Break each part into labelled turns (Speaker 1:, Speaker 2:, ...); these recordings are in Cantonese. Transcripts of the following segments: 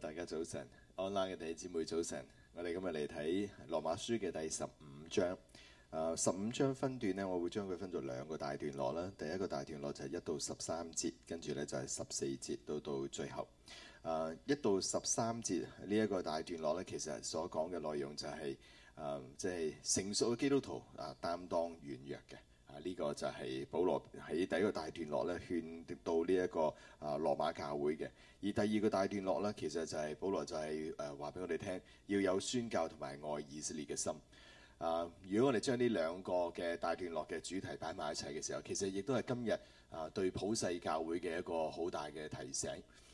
Speaker 1: 大家早晨，online 嘅弟姊妹早晨，我哋今日嚟睇羅馬書嘅第十五章，呃。十五章分段呢，我會將佢分做兩個大段落啦。第一個大段落就係一到十三節，跟住呢就係十四節到到最後。呃、一到十三節呢一個大段落呢，其實所講嘅內容就係即係成熟嘅基督徒啊，擔、呃、當軟弱嘅。啊！呢個就係保羅喺第一個大段落咧，勸到呢一個啊羅馬教會嘅。而第二個大段落咧，其實就係保羅就係誒話俾我哋聽，要有宣教同埋愛以色列嘅心。啊！如果我哋將呢兩個嘅大段落嘅主題擺埋一齊嘅時候，其實亦都係今日啊對普世教會嘅一個好大嘅提醒。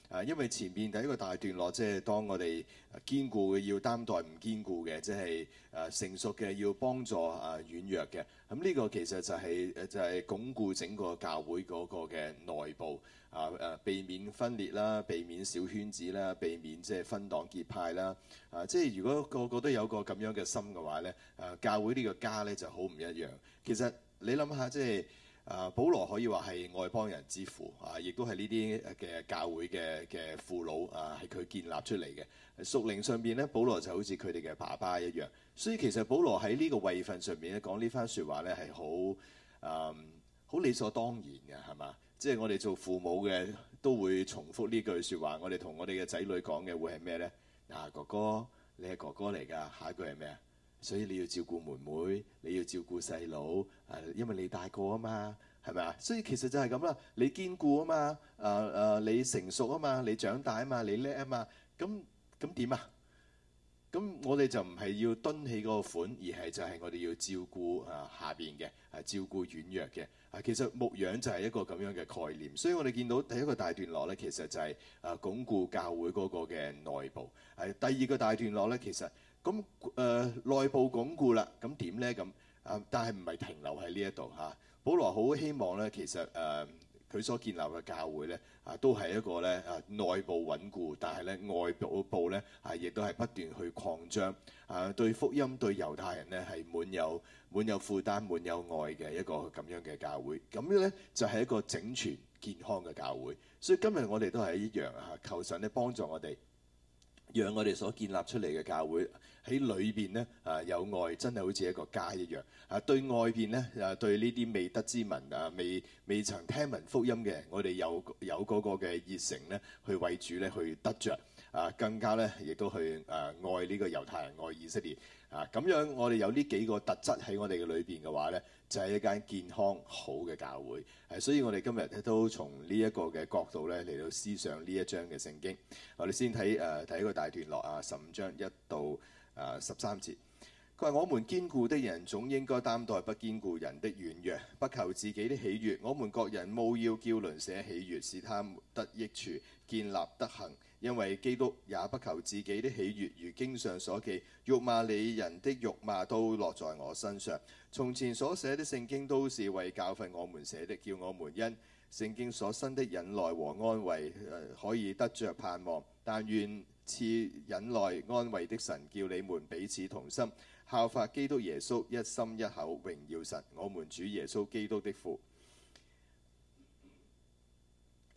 Speaker 1: 啊，因為前面第一個大段落，即係當我哋堅固嘅要擔待唔堅固嘅，即係誒成熟嘅要幫助誒軟弱嘅。咁、這、呢個其實就係、是、誒就係、是、鞏固整個教會嗰個嘅內部啊誒，避免分裂啦，避免小圈子啦，避免即係分黨結派啦。啊，即係如果個個都有個咁樣嘅心嘅話呢，誒教會呢個家呢就好唔一樣。其實你諗下，即係。啊、保羅可以話係外邦人之父啊，亦都係呢啲嘅教會嘅嘅父老啊，係佢建立出嚟嘅。屬靈上邊咧，保羅就好似佢哋嘅爸爸一樣。所以其實保羅喺呢個位份上面咧，講番呢番説話咧，係好誒好理所當然嘅係嘛？即係我哋做父母嘅都會重複呢句説話，我哋同我哋嘅仔女講嘅會係咩呢？嗱、啊，哥哥，你係哥哥嚟㗎，下一句係咩啊？所以你要照顧妹妹，你要照顧細佬，誒、啊，因為你大個啊嘛，係咪啊？所以其實就係咁啦，你堅固啊嘛，誒、啊、誒、啊，你成熟啊嘛，你長大啊嘛，你叻啊嘛，咁咁點啊？咁、啊啊啊、我哋就唔係要蹲起嗰個款，而係就係我哋要照顧誒、啊、下邊嘅，誒、啊、照顧軟弱嘅。啊，其實牧養就係一個咁樣嘅概念。所以我哋見到第一個大段落咧，其實就係誒鞏固教會嗰個嘅內部。誒、啊，第二個大段落咧，其實。咁誒內部鞏固啦，咁點咧？咁啊，但係唔係停留喺呢一度嚇？保羅好希望咧，其實誒佢所建立嘅教會咧，啊都係一個咧啊內部穩固，但係咧外部咧啊亦都係不斷去擴張啊，對福音對猶太人咧係滿有滿有負擔，滿有愛嘅一個咁樣嘅教會。咁樣咧就係一個整全健康嘅教會。所以今日我哋都係一樣啊，求神咧幫助我哋。讓我哋所建立出嚟嘅教會喺裏邊咧，啊有愛，真係好似一個家一樣。啊對外邊咧，啊對呢啲未得之民啊，未未曾聽聞福音嘅，我哋有有嗰個嘅熱誠咧，去為主咧去得着，啊，更加呢亦都去啊愛呢個猶太人，愛以色列。啊，咁樣我哋有呢幾個特質喺我哋嘅裏邊嘅話呢，就係、是、一間健康好嘅教會。誒、啊，所以我哋今日咧都從呢一個嘅角度咧嚟到思想呢一章嘅聖經。我哋先睇誒睇一個大段落啊，十五章一到、啊、十三節。佢話：我們堅固的人總應該擔待不堅固人的軟弱，不求自己的喜悅。我們各人務要叫鄰舍喜悅，使他們得益處，建立德行。因為基督也不求自己的喜悅，如經上所記：辱罵你人的辱罵都落在我身上。從前所寫的聖經都是為教訓我們寫的，叫我們因聖經所生的忍耐和安慰、呃，可以得着盼望。但願賜忍耐安慰的神，叫你們彼此同心，效法基督耶穌，一心一口榮耀神。我們主耶穌基督的父。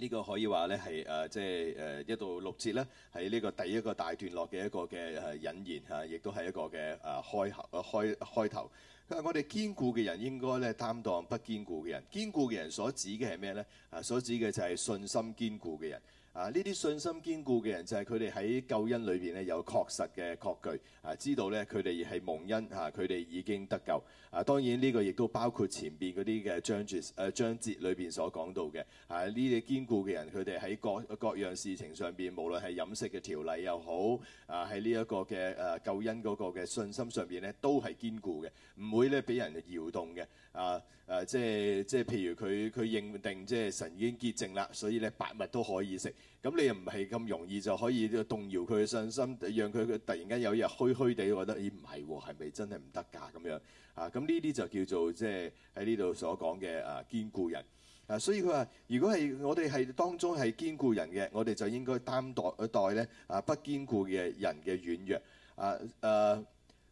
Speaker 1: 呢個可以話咧係誒，即係、呃、一到六節呢係呢個第一個大段落嘅一個嘅引言嚇、啊，亦都係一個嘅誒、啊、開，開頭。開開頭，我哋堅固嘅人應該咧擔當不堅固嘅人，堅固嘅人所指嘅係咩呢？啊，所指嘅就係信心堅固嘅人。啊！呢啲信心堅固嘅人就係佢哋喺救恩裏邊咧有確實嘅確據，啊知道咧佢哋係蒙恩，啊佢哋已經得救。啊，當然呢個亦都包括前邊嗰啲嘅章節，誒、啊、章節裏邊所講到嘅，啊呢啲堅固嘅人，佢哋喺各各樣事情上邊，無論係飲食嘅條例又好，啊喺呢一個嘅誒、啊、救恩嗰個嘅信心上邊咧，都係堅固嘅，唔會咧俾人搖動嘅，啊。誒即係即係，譬如佢佢認定即係神已經潔淨啦，所以咧百物都可以食。咁你又唔係咁容易就可以呢個動搖佢嘅信心，讓佢突然間有一日虛虛地覺得咦唔係喎，係咪真係唔得㗎咁樣？啊咁呢啲就叫做即係喺呢度所講嘅誒堅固人。啊，所以佢話如果係我哋係當中係堅固人嘅，我哋就應該擔待一代咧啊不堅固嘅人嘅軟弱。啊誒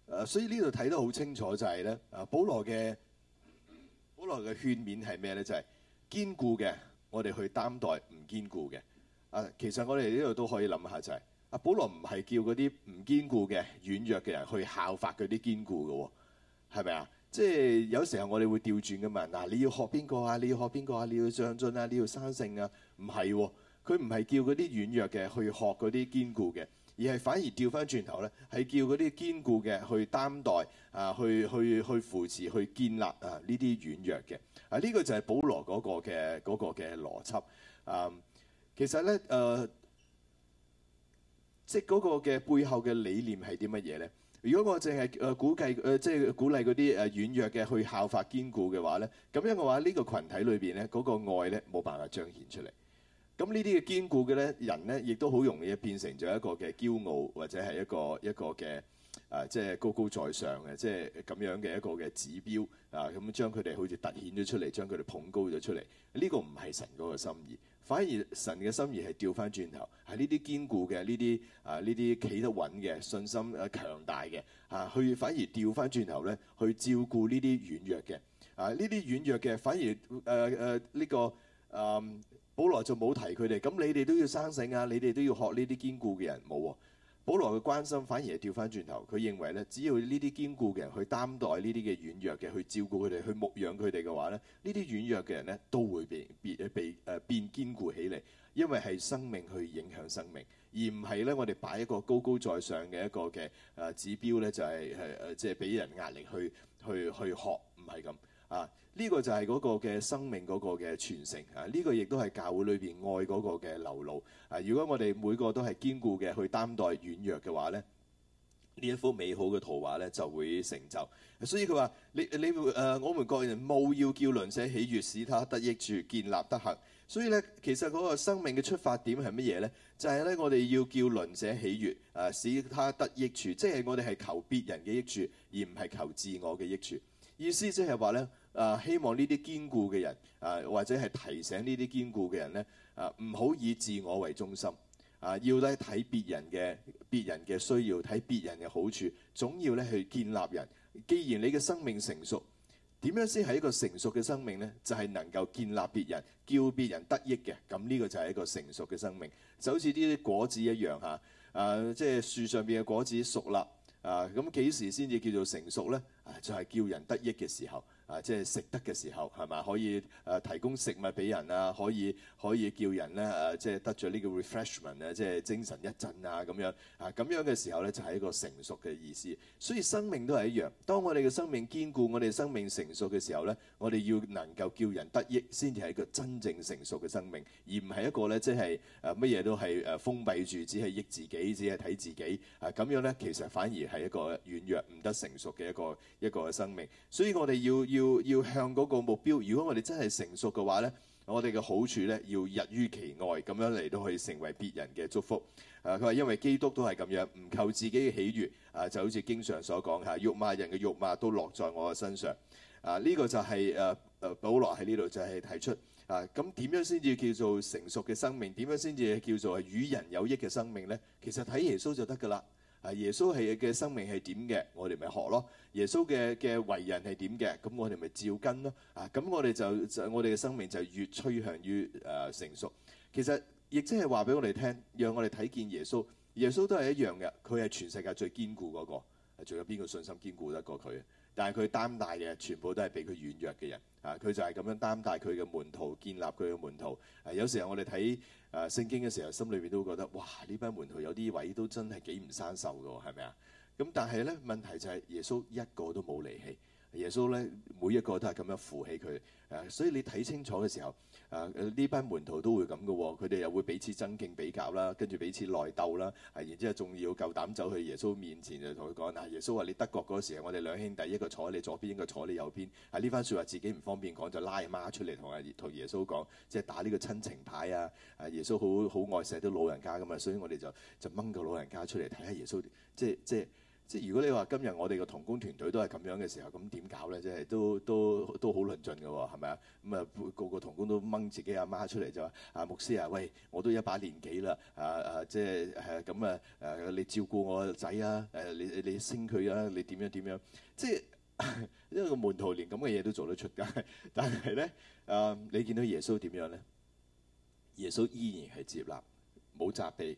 Speaker 1: 誒，所以呢度睇得好清楚就係咧，啊保羅嘅。保羅嘅勸勉係咩咧？就係、是、堅固嘅，我哋去擔待唔堅固嘅。啊，其實我哋呢度都可以諗下、就是，就係阿保羅唔係叫嗰啲唔堅固嘅軟弱嘅人去效法嗰啲堅固嘅、哦，係咪啊？即係有時候我哋會調轉噶嘛。嗱，你要學邊個啊？你要學邊個啊，啊，啊？你要上進啊？你要生性啊？唔係喎，佢唔係叫嗰啲軟弱嘅去學嗰啲堅固嘅。而係反而調翻轉頭咧，係叫嗰啲堅固嘅去擔待、啊，去去去扶持、去建立啊呢啲軟弱嘅啊，呢、呢個就係保羅嗰個嘅嗰個嘅邏輯啊。其實咧誒、呃，即係嗰個嘅背後嘅理念係啲乜嘢咧？如果我淨係誒估計誒、呃，即係鼓勵嗰啲誒軟弱嘅去效法堅固嘅話咧，咁樣嘅話呢話、呢個群體裏邊咧嗰個愛咧冇辦法彰顯出嚟。咁呢啲嘅堅固嘅咧，人咧亦都好容易變成咗一個嘅驕傲，或者係一個一個嘅啊、呃，即係高高在上嘅，即係咁樣嘅一個嘅指標啊，咁樣將佢哋好似凸顯咗出嚟，將佢哋捧高咗出嚟。呢、這個唔係神嗰個心意，反而神嘅心意係調翻轉頭，係呢啲堅固嘅呢啲啊呢啲企得穩嘅信心啊強大嘅啊，去反而調翻轉頭咧，去照顧呢啲軟弱嘅啊，呢啲軟弱嘅反而誒誒呢個嗯。保羅就冇提佢哋，咁你哋都要生性啊，你哋都要學呢啲堅固嘅人冇喎。保羅嘅關心反而係掉返轉頭，佢認為咧，只要呢啲堅固嘅人去擔待呢啲嘅軟弱嘅，去照顧佢哋，去牧養佢哋嘅話咧，呢啲軟弱嘅人咧都會變變被誒變堅固起嚟，因為係生命去影響生命，而唔係咧我哋擺一個高高在上嘅一個嘅誒指標咧，就係係誒即係俾人壓力去去去學，唔係咁。啊！呢個就係嗰個嘅生命嗰個嘅傳承啊！呢個亦都係教會裏邊愛嗰個嘅流露啊！如果我哋每個都係堅固嘅去擔待軟弱嘅話咧，呢一幅美好嘅圖畫咧就會成就。所以佢話：你你誒、呃，我們各人務要叫鄰舍喜悅，使他得益處，建立德行。所以呢，其實嗰個生命嘅出發點係乜嘢呢？就係呢，我哋要叫鄰舍喜悅啊，使他得益處，即係我哋係求別人嘅益處，而唔係求自我嘅益處。意思即係話咧，啊希望呢啲堅固嘅人，啊或者係提醒呢啲堅固嘅人咧，啊唔好以自我為中心，啊要咧睇別人嘅，別人嘅需要，睇別人嘅好處，總要咧去建立人。既然你嘅生命成熟，點樣先係一個成熟嘅生命咧？就係、是、能夠建立別人，叫別人得益嘅，咁呢個就係一個成熟嘅生命。就好似呢啲果子一樣嚇，啊即係、就是、樹上邊嘅果子熟啦。啊，咁幾時先至叫做成熟咧？啊，就係、是、叫人得益嘅時候。啊，即係食得嘅時候係咪？可以誒提供食物俾人啊，可以可以叫人咧誒，即係得咗呢個 refreshment 啊，即係精神一振啊咁樣啊，咁樣嘅時候咧就係一個成熟嘅意思。所以生命都係一樣，當我哋嘅生命堅固，我哋生命成熟嘅時候咧，我哋要能夠叫人得益，先至係一個真正成熟嘅生命，而唔係一個咧即係誒乜嘢都係誒封閉住，只係益自己，只係睇自己啊咁樣咧，其實反而係一個軟弱唔得成熟嘅一個一個嘅生命。所以我哋要要。要要向嗰個目標，如果我哋真係成熟嘅話咧，我哋嘅好處咧要溢於其外，咁樣嚟到去成為別人嘅祝福。誒，佢話因為基督都係咁樣，唔求自己嘅喜悅。誒，就好似經常所講嚇，辱罵人嘅辱罵都落在我嘅身上。誒，呢個就係誒誒，保羅喺呢度就係提出。誒，咁點樣先至叫做成熟嘅生命？點樣先至叫做係與人有益嘅生命咧？其實睇耶穌就得㗎喇。啊！耶穌係嘅生命係點嘅，我哋咪學咯。耶穌嘅嘅為人係點嘅，咁我哋咪照跟咯。啊！咁我哋就，就我哋嘅生命就越趨向於誒成熟。其實亦即係話俾我哋聽，讓我哋睇見耶穌。耶穌都係一樣嘅，佢係全世界最堅固嗰個。仲有邊個信心堅固得過佢？但係佢擔帶嘅，全部都係俾佢軟弱嘅人啊！佢就係咁樣擔帶佢嘅門徒，建立佢嘅門徒，啊。有時候我哋睇誒聖經嘅時候，心裏面都覺得哇！呢班門徒有啲位都真係幾唔生秀㗎喎，係咪啊？咁但係呢問題就係耶穌一個都冇離棄，耶穌呢每一個都係咁樣扶起佢。誒、啊，所以你睇清楚嘅時候。啊！呢班門徒都會咁嘅喎，佢哋又會彼此爭競比較啦，跟住彼此內鬥啦，係、啊、然之後仲要夠膽走去耶穌面前就同佢講：嗱、啊，耶穌話、啊、你得國嗰時候，我哋兩兄弟，一個坐喺你左邊，一個坐喺你右邊。係、啊、呢番説話自己唔方便講，就拉媽出嚟同阿同耶穌講，即係打呢個親情牌啊！啊，耶穌好好愛錫啲老人家噶嘛，所以我哋就就掹個老人家出嚟睇下耶穌，即即。即係如果你話今日我哋個同工團隊都係咁樣嘅時候，咁點搞咧？即係都都都好論盡嘅喎，係咪、嗯、啊？咁啊，個個同工都掹自己阿媽出嚟就話：啊，牧師啊，喂，我都一把年紀啦，啊啊即係誒咁啊誒、啊，你照顧我個仔啊，誒你你升佢啊，你點、啊、樣點樣？即係 因為個門徒連咁嘅嘢都做得出㗎，但係咧誒，你見到耶穌點樣咧？耶穌依然係接納，冇責備，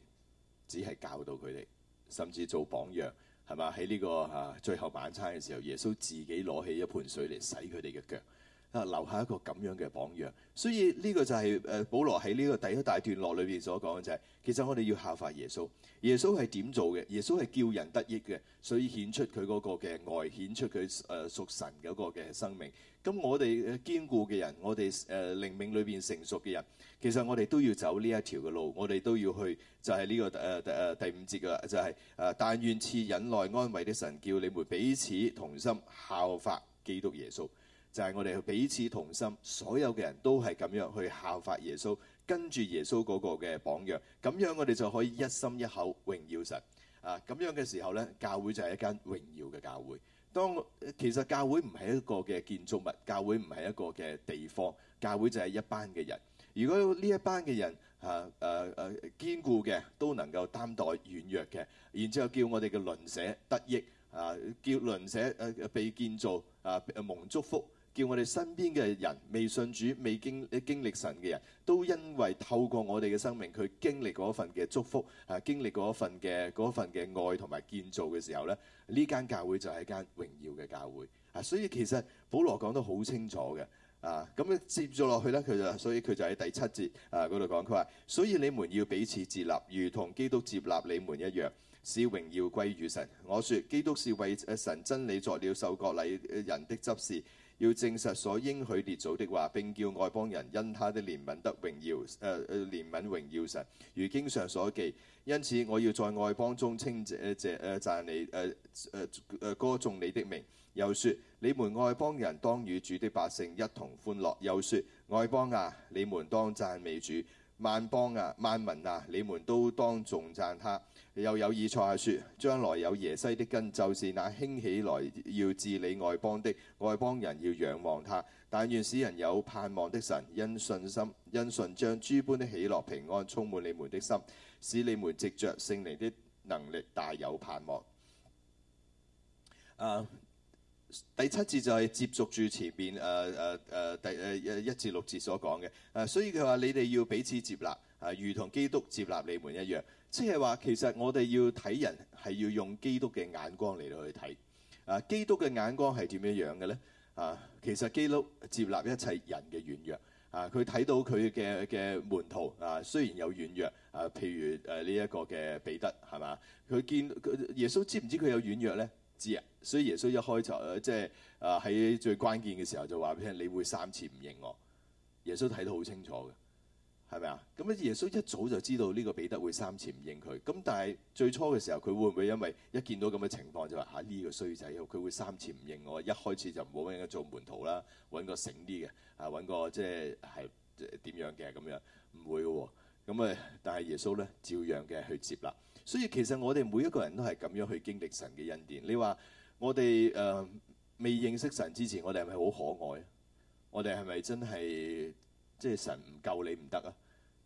Speaker 1: 只係教導佢哋，甚至做榜樣。係嘛？喺呢個、啊、最後晚餐嘅時候，耶穌自己攞起一盤水嚟洗佢哋嘅腳。啊，留下一個咁樣嘅榜樣，所以呢個就係誒保羅喺呢個第一大段落裏邊所講嘅就係、是，其實我哋要效法耶穌，耶穌係點做嘅？耶穌係叫人得益嘅，所以顯出佢嗰個嘅愛，顯出佢誒屬神嗰個嘅生命。咁我哋堅固嘅人，我哋誒靈命裏邊成熟嘅人，其實我哋都要走呢一條嘅路，我哋都要去就係呢、這個誒誒、呃、第五節嘅，就係、是、誒但願賜忍耐安慰的神叫你們彼此同心效法基督耶穌。就係我哋彼此同心，所有嘅人都係咁樣去效法耶穌，跟住耶穌嗰個嘅榜樣，咁樣我哋就可以一心一口榮耀神。啊，咁樣嘅時候呢，教會就係一間榮耀嘅教會。當其實教會唔係一個嘅建築物，教會唔係一個嘅地方，教會就係一班嘅人。如果呢一班嘅人啊誒誒堅固嘅，都能夠擔待軟弱嘅，然之後叫我哋嘅鄰舍得益啊，叫鄰舍誒被建造啊蒙祝福。叫我哋身邊嘅人未信主、未經經歷神嘅人，都因為透過我哋嘅生命，佢經歷過一份嘅祝福啊，經歷過一份嘅嗰一份嘅愛同埋建造嘅時候咧，呢間教會就係間榮耀嘅教會啊。所以其實保羅講得好清楚嘅啊，咁啊，接住落去咧，佢就所以佢就喺第七節啊嗰度講，佢話：所以你們要彼此接納，如同基督接納你們一樣，使榮耀歸於神。我說，基督是為神真理作了受割禮人的執事。要證實所應許列祖的話，並叫外邦人因他的憐憫得榮耀。誒、呃、誒，憐憫榮耀神，如經上所記。因此我要在外邦中稱謝謝誒讚你誒誒誒歌頌你的名。又說，你們外邦人當與主的百姓一同歡樂。又說，外邦啊，你們當讚美主；萬邦啊，萬民啊，你們都當頌讚他。又有以賽亞説：將來有耶西的根，就是那興起來要治理外邦的外邦人，要仰望他。但願使人有盼望的神，因信心因信將諸般的喜樂平安充滿你們的心，使你們藉着聖靈的能力大有盼望。Uh, 第七節就係接續住前邊誒誒誒第一至六節所講嘅誒，uh, 所以佢話你哋要彼此接納，誒、uh, 如同基督接納你們一樣。即係話，其實我哋要睇人係要用基督嘅眼光嚟到去睇。啊，基督嘅眼光係點樣樣嘅咧？啊，其實基督接納一切人嘅軟弱。啊，佢睇到佢嘅嘅門徒啊，雖然有軟弱啊，譬如誒呢一個嘅彼得係嘛，佢見耶穌知唔知佢有軟弱咧？知啊，所以耶穌一開頭即係、就是、啊喺最關鍵嘅時候就話俾人：你會三次唔認我。耶穌睇到好清楚嘅。係咪啊？咁咧，耶穌一早就知道呢個彼得會三次唔認佢。咁但係最初嘅時候，佢會唔會因為一見到咁嘅情況就話嚇呢個衰仔，佢會三次唔認我。一開始就唔好俾佢做門徒啦，揾個醒啲嘅，啊揾個，個即係係點樣嘅咁樣，唔會嘅喎。咁誒，但係耶穌呢，照樣嘅去接納。所以其實我哋每一個人都係咁樣去經歷神嘅恩典。你話我哋誒、呃、未認識神之前，我哋係咪好可愛啊？我哋係咪真係？即係神唔救你唔得啊！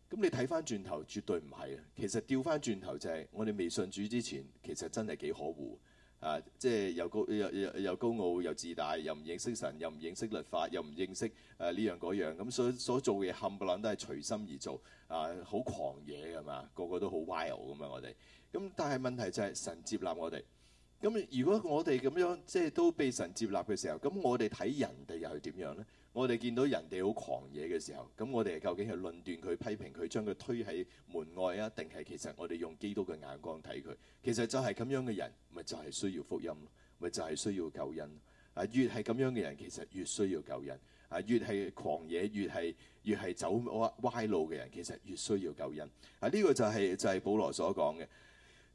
Speaker 1: 咁你睇翻轉頭，絕對唔係啊！其實調翻轉頭就係我哋未信主之前，其實真係幾可惡啊！即係又高又又又高傲又自大，又唔認識神，又唔認識律法，又唔認識誒呢樣嗰樣，咁所所做嘅冚唪唥都係隨心而做啊！好狂野㗎嘛，個個都好 wild 㗎嘛，我哋咁但係問題就係神接納我哋。咁如果我哋咁樣即係都被神接納嘅時候，咁我哋睇人哋又係點樣呢？我哋見到人哋好狂野嘅時候，咁我哋究竟係論斷佢、批評佢，將佢推喺門外啊？定係其實我哋用基督嘅眼光睇佢？其實就係咁樣嘅人，咪就係需要福音，咪就係需要救恩。啊，越係咁樣嘅人，其實越需要救恩。啊，越係狂野、越係越係走歪路嘅人，其實越需要救恩。啊，呢個就係就係保羅所講嘅。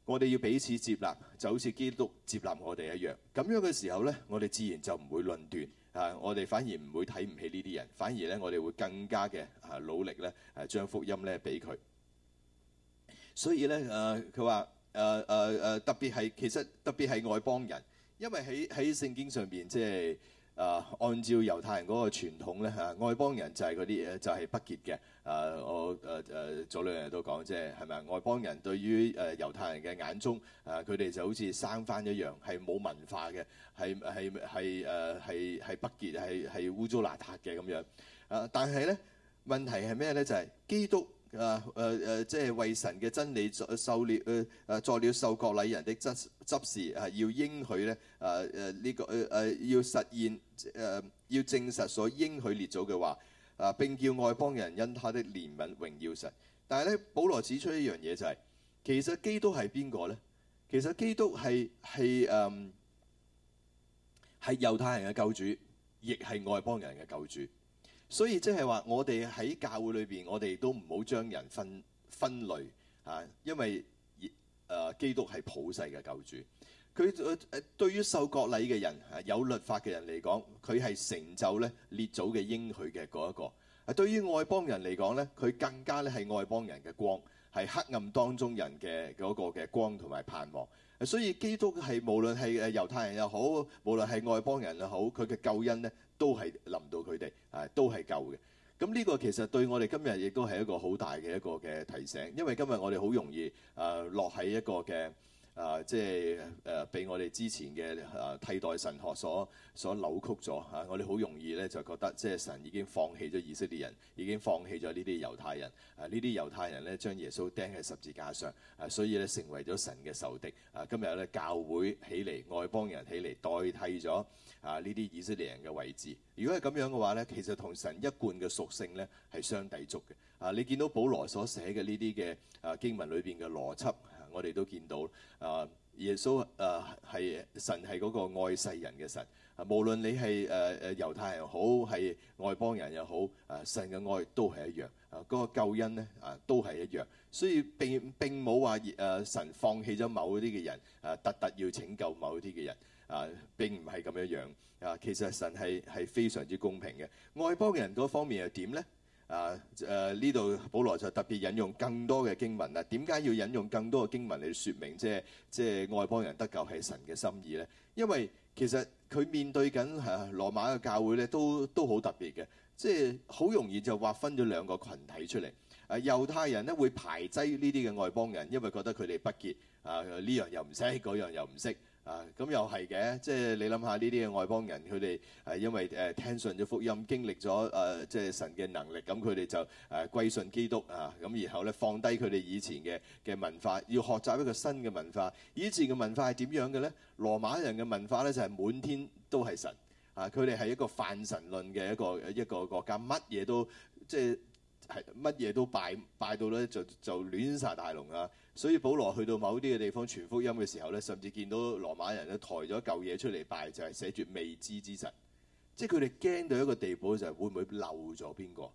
Speaker 1: 我哋要彼此接納，就好似基督接納我哋一樣。咁樣嘅時候呢，我哋自然就唔會論斷。啊！我哋反而唔會睇唔起呢啲人，反而咧我哋會更加嘅啊努力咧，誒將福音咧俾佢。所以咧，誒佢話，誒誒誒特別係其實特別係外邦人，因為喺喺聖經上面即係。啊，按照猶太人嗰個傳統咧，啊外邦人就係嗰啲嘢，就係不潔嘅。啊，我誒誒早兩日都講，即係係咪啊？外邦人對於誒猶太人嘅眼中，啊佢哋就好似生番一樣，係冇文化嘅，係係係誒係係不潔，係係污糟邋遢嘅咁樣。啊，但係咧問題係咩咧？就係基督。啊誒誒、呃，即係為神嘅真理受列，誒、呃、誒，作了受割禮人的執執事，係要應許咧。啊誒呢個誒誒、呃，要實現，誒、呃，要證實所應許列祖嘅話，啊、呃，並叫外邦人因他的憐憫榮耀神。但係咧，保羅指出一樣嘢就係、是，其實基督係邊個咧？其實基督係係誒，係、嗯、猶太人嘅救主，亦係外邦人嘅救主。所以即係話，我哋喺教會裏邊，我哋都唔好將人分分類啊，因為誒基督係普世嘅救主。佢誒誒對於受割禮嘅人、有律法嘅人嚟講，佢係成就咧列祖嘅應許嘅嗰一個；啊，對於外邦人嚟講咧，佢更加咧係外邦人嘅光，係黑暗當中人嘅嗰個嘅光同埋盼望。所以基督係無論係誒猶太人又好，無論係外邦人又好，佢嘅救恩咧。都係淋到佢哋，誒都係夠嘅。咁呢個其實對我哋今日亦都係一個好大嘅一個嘅提醒，因為今日我哋好容易誒、呃、落喺一個嘅。啊，即係誒，俾、啊、我哋之前嘅啊替代神學所所扭曲咗啊！我哋好容易咧就覺得，即係神已經放棄咗以色列人，已經放棄咗呢啲猶太人啊！呢啲猶太人咧將耶穌釘喺十字架上啊，所以咧成為咗神嘅仇敵啊！今日咧教會起嚟，外邦人起嚟，代替咗啊呢啲以色列人嘅位置。如果係咁樣嘅話咧，其實同神一貫嘅屬性咧係相抵觸嘅啊！你見到保羅所寫嘅呢啲嘅啊經文裏邊嘅邏輯。我哋都見到，啊，耶穌，啊，係神係嗰個愛世人嘅神，啊，無論你係誒誒猶太人又好，係外邦人又好，啊，神嘅愛都係一樣，啊，嗰個救恩咧，啊，都係一樣，所以並並冇話誒神放棄咗某一啲嘅人，啊，特特要拯救某一啲嘅人，啊，並唔係咁樣一樣，啊，其實神係係非常之公平嘅，外邦人嗰方面又點咧？啊，誒，呢度保羅就特別引用更多嘅經文啦，點解要引用更多嘅經文嚟説明，即係即係外邦人得救係神嘅心意呢？因為其實佢面對緊嚇、啊、羅馬嘅教會咧，都都好特別嘅，即係好容易就劃分咗兩個群體出嚟。誒、啊、猶太人咧會排擠呢啲嘅外邦人，因為覺得佢哋不潔，啊，呢樣又唔識，嗰樣又唔識。啊，咁又係嘅，即係你諗下呢啲嘅外邦人，佢哋係因為誒聽信咗福音，經歷咗誒、啊、即係神嘅能力，咁佢哋就誒、啊、歸信基督啊，咁然後咧放低佢哋以前嘅嘅文化，要學習一個新嘅文化。以前嘅文化係點樣嘅咧？羅馬人嘅文化咧就係、是、滿天都係神啊，佢哋係一個泛神論嘅一個一個國家，乜嘢都即係乜嘢都拜，拜到咧就就亂殺大龍啊！所以保羅去到某啲嘅地方傳福音嘅時候咧，甚至見到羅馬人咧抬咗嚿嘢出嚟拜，就係寫住未知之神，即係佢哋驚到一個地步，就係會唔會漏咗邊個。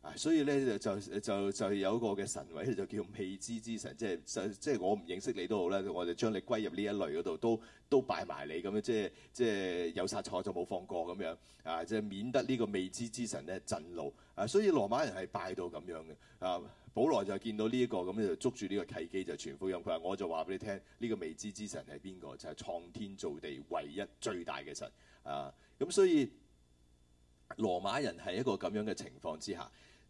Speaker 1: 啊，所以咧就就就就有一個嘅神位就叫未知之神，即係即係我唔認識你都好啦，我哋將你歸入呢一類嗰度，都都拜埋你咁樣，即係即係有殺錯就冇放過咁樣，啊，即係免得呢個未知之神咧震怒。啊，所以羅馬人係拜到咁樣嘅。啊，保羅就見到呢一個咁就捉住呢個契機就傳福音。佢話：我就話俾你聽，呢個未知之神係邊個？就係創天造地唯一最大嘅神。啊，咁所以羅馬人係一個咁樣嘅情況之下。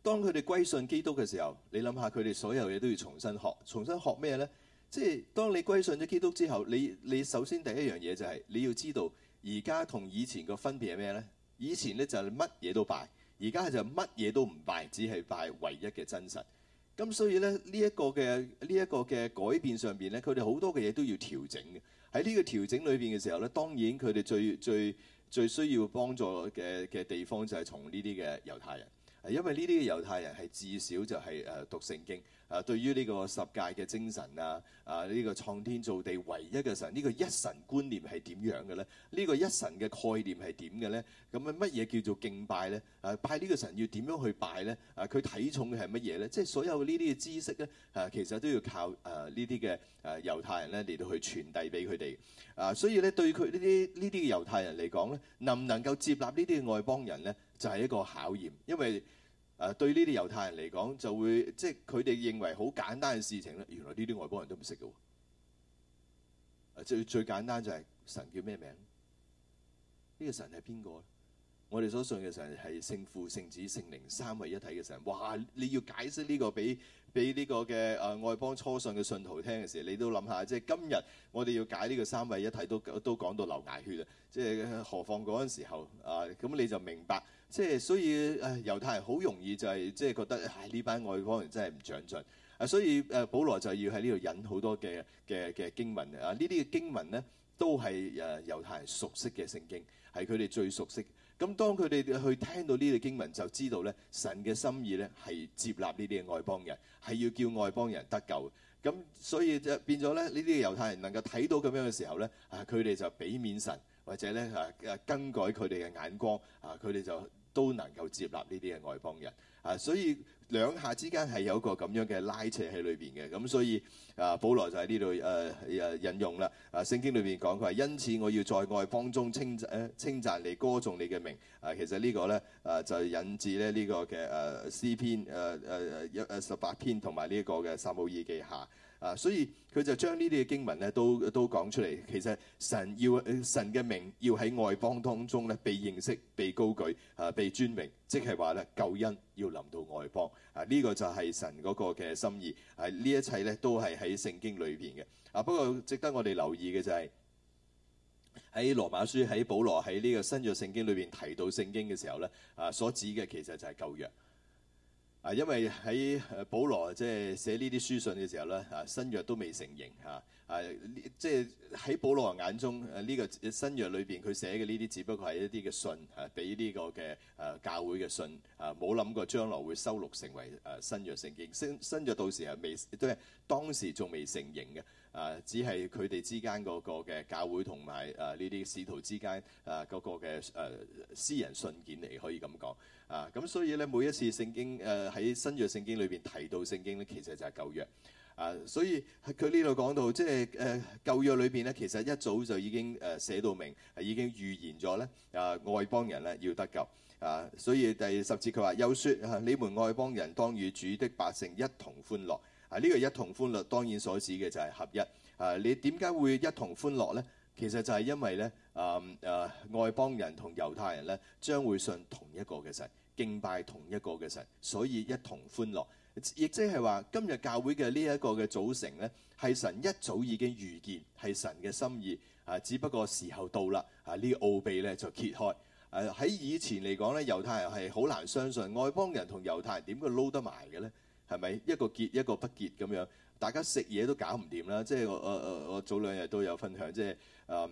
Speaker 1: 當佢哋歸信基督嘅時候，你諗下佢哋所有嘢都要重新學，重新學咩呢？即係當你歸信咗基督之後，你你首先第一樣嘢就係你要知道，而家同以前個分別係咩呢？以前呢，就係乜嘢都拜，而家就係乜嘢都唔拜，只係拜唯一嘅真實。咁所以咧呢一個嘅呢一個嘅改變上邊呢，佢哋好多嘅嘢都要調整嘅。喺呢個調整裏邊嘅時候呢，當然佢哋最最最需要幫助嘅嘅地方就係從呢啲嘅猶太人。因為呢啲嘅猶太人係至少就係誒讀聖經。誒、啊、對於呢個十戒嘅精神啊，啊呢、這個創天造地唯一嘅神，呢、這個一神觀念係點樣嘅咧？呢、這個一神嘅概念係點嘅咧？咁樣乜嘢叫做敬拜咧？誒、啊、拜呢個神要點樣去拜咧？誒、啊、佢睇重嘅係乜嘢咧？即係所有呢啲嘅知識咧，誒、啊、其實都要靠誒呢啲嘅誒猶太人咧嚟到去傳遞俾佢哋。啊，所以咧對佢呢啲呢啲嘅猶太人嚟講咧，能唔能夠接納呢啲外邦人咧，就係、是、一個考驗，因為。誒對呢啲猶太人嚟講就會即係佢哋認為好簡單嘅事情咧，原來呢啲外邦人都唔識嘅。誒最最簡單就係神叫咩名？呢個神係邊個？我哋所信嘅神係聖父、聖子、聖靈三位一體嘅神。哇！你要解釋呢個俾俾呢個嘅誒外邦初信嘅信徒聽嘅時候，你都諗下，即係今日我哋要解呢個三位一體，都都講到流牙血了、就是、啊！即係何況嗰陣時候啊，噉你就明白。即係所以，誒猶太人好容易就係即係覺得，唉呢班外邦人真係唔長進啊！所以誒，保羅就要喺呢度引好多嘅嘅嘅經文啊！呢啲嘅經文咧，都係誒猶太人熟悉嘅聖經，係佢哋最熟悉。咁當佢哋去聽到呢啲經文，就知道咧神嘅心意咧係接納呢啲外邦人，係要叫外邦人得救。咁所以就變咗咧，呢啲猶太人能夠睇到咁樣嘅時候咧，啊佢哋就俾面神，或者咧啊更改佢哋嘅眼光啊，佢哋就，都能夠接納呢啲嘅外邦人啊，所以兩下之間係有一個咁樣嘅拉扯喺裏邊嘅，咁所以啊，保羅就喺呢度誒引用啦，啊，聖經裏邊講佢話，因此我要在外邦中稱誒稱讚你，歌你，歌頌你嘅名啊，其實個呢個咧啊就引致咧呢個嘅誒詩篇誒誒一誒十八篇同埋呢一個嘅撒母耳記下。啊，所以佢就將呢啲嘅經文咧，都都講出嚟。其實神要、呃、神嘅名要喺外邦當中咧被認識、被高舉、啊被尊榮，即係話咧救恩要臨到外邦。啊，呢、這個就係神嗰個嘅心意。係、啊、呢一切咧都係喺聖經裏邊嘅。啊，不過值得我哋留意嘅就係、是、喺羅馬書、喺保羅、喺呢個新約聖經裏邊提到聖經嘅時候咧，啊所指嘅其實就係舊約。啊，因為喺誒保羅即係寫呢啲書信嘅時候咧，啊新約都未成形吓。誒、啊，即係喺保羅眼中，誒、啊、呢、這個新約裏邊，佢寫嘅呢啲，只不過係一啲嘅信，誒俾呢個嘅誒、啊、教會嘅信，誒冇諗過將來會收錄成為誒新約聖經。新新約到時係未，即係當時仲未成形嘅，誒、啊、只係佢哋之間嗰個嘅教會同埋誒呢啲使徒之間誒嗰個嘅誒、啊、私人信件嚟，可以咁講。啊，咁所以咧，每一次聖經誒喺、啊、新約聖經裏邊提到聖經咧，其實就係舊約。啊，所以佢呢度講到，即係誒、啊、舊約裏邊咧，其實一早就已經誒、啊、寫到明，係、啊、已經預言咗咧，啊外邦人咧要得救。啊，所以第十節佢話又説、啊：你們外邦人當與主的百姓一同歡樂。啊，呢、這個一同歡樂當然所指嘅就係合一。啊，你點解會一同歡樂咧？其實就係因為咧，啊啊外邦人同猶太人咧將會信同一個嘅神，敬拜同一個嘅神，所以一同歡樂。亦即係話，今日教會嘅呢一個嘅組成呢，係神一早已經預見，係神嘅心意啊！只不過時候到啦，啊呢個奧秘呢就揭開。誒、啊、喺以前嚟講呢，猶太人係好難相信外邦人同猶太人點會撈得埋嘅呢？係咪一個結一個不結咁樣？大家食嘢都搞唔掂啦，即係我我我早兩日都有分享，即係誒誒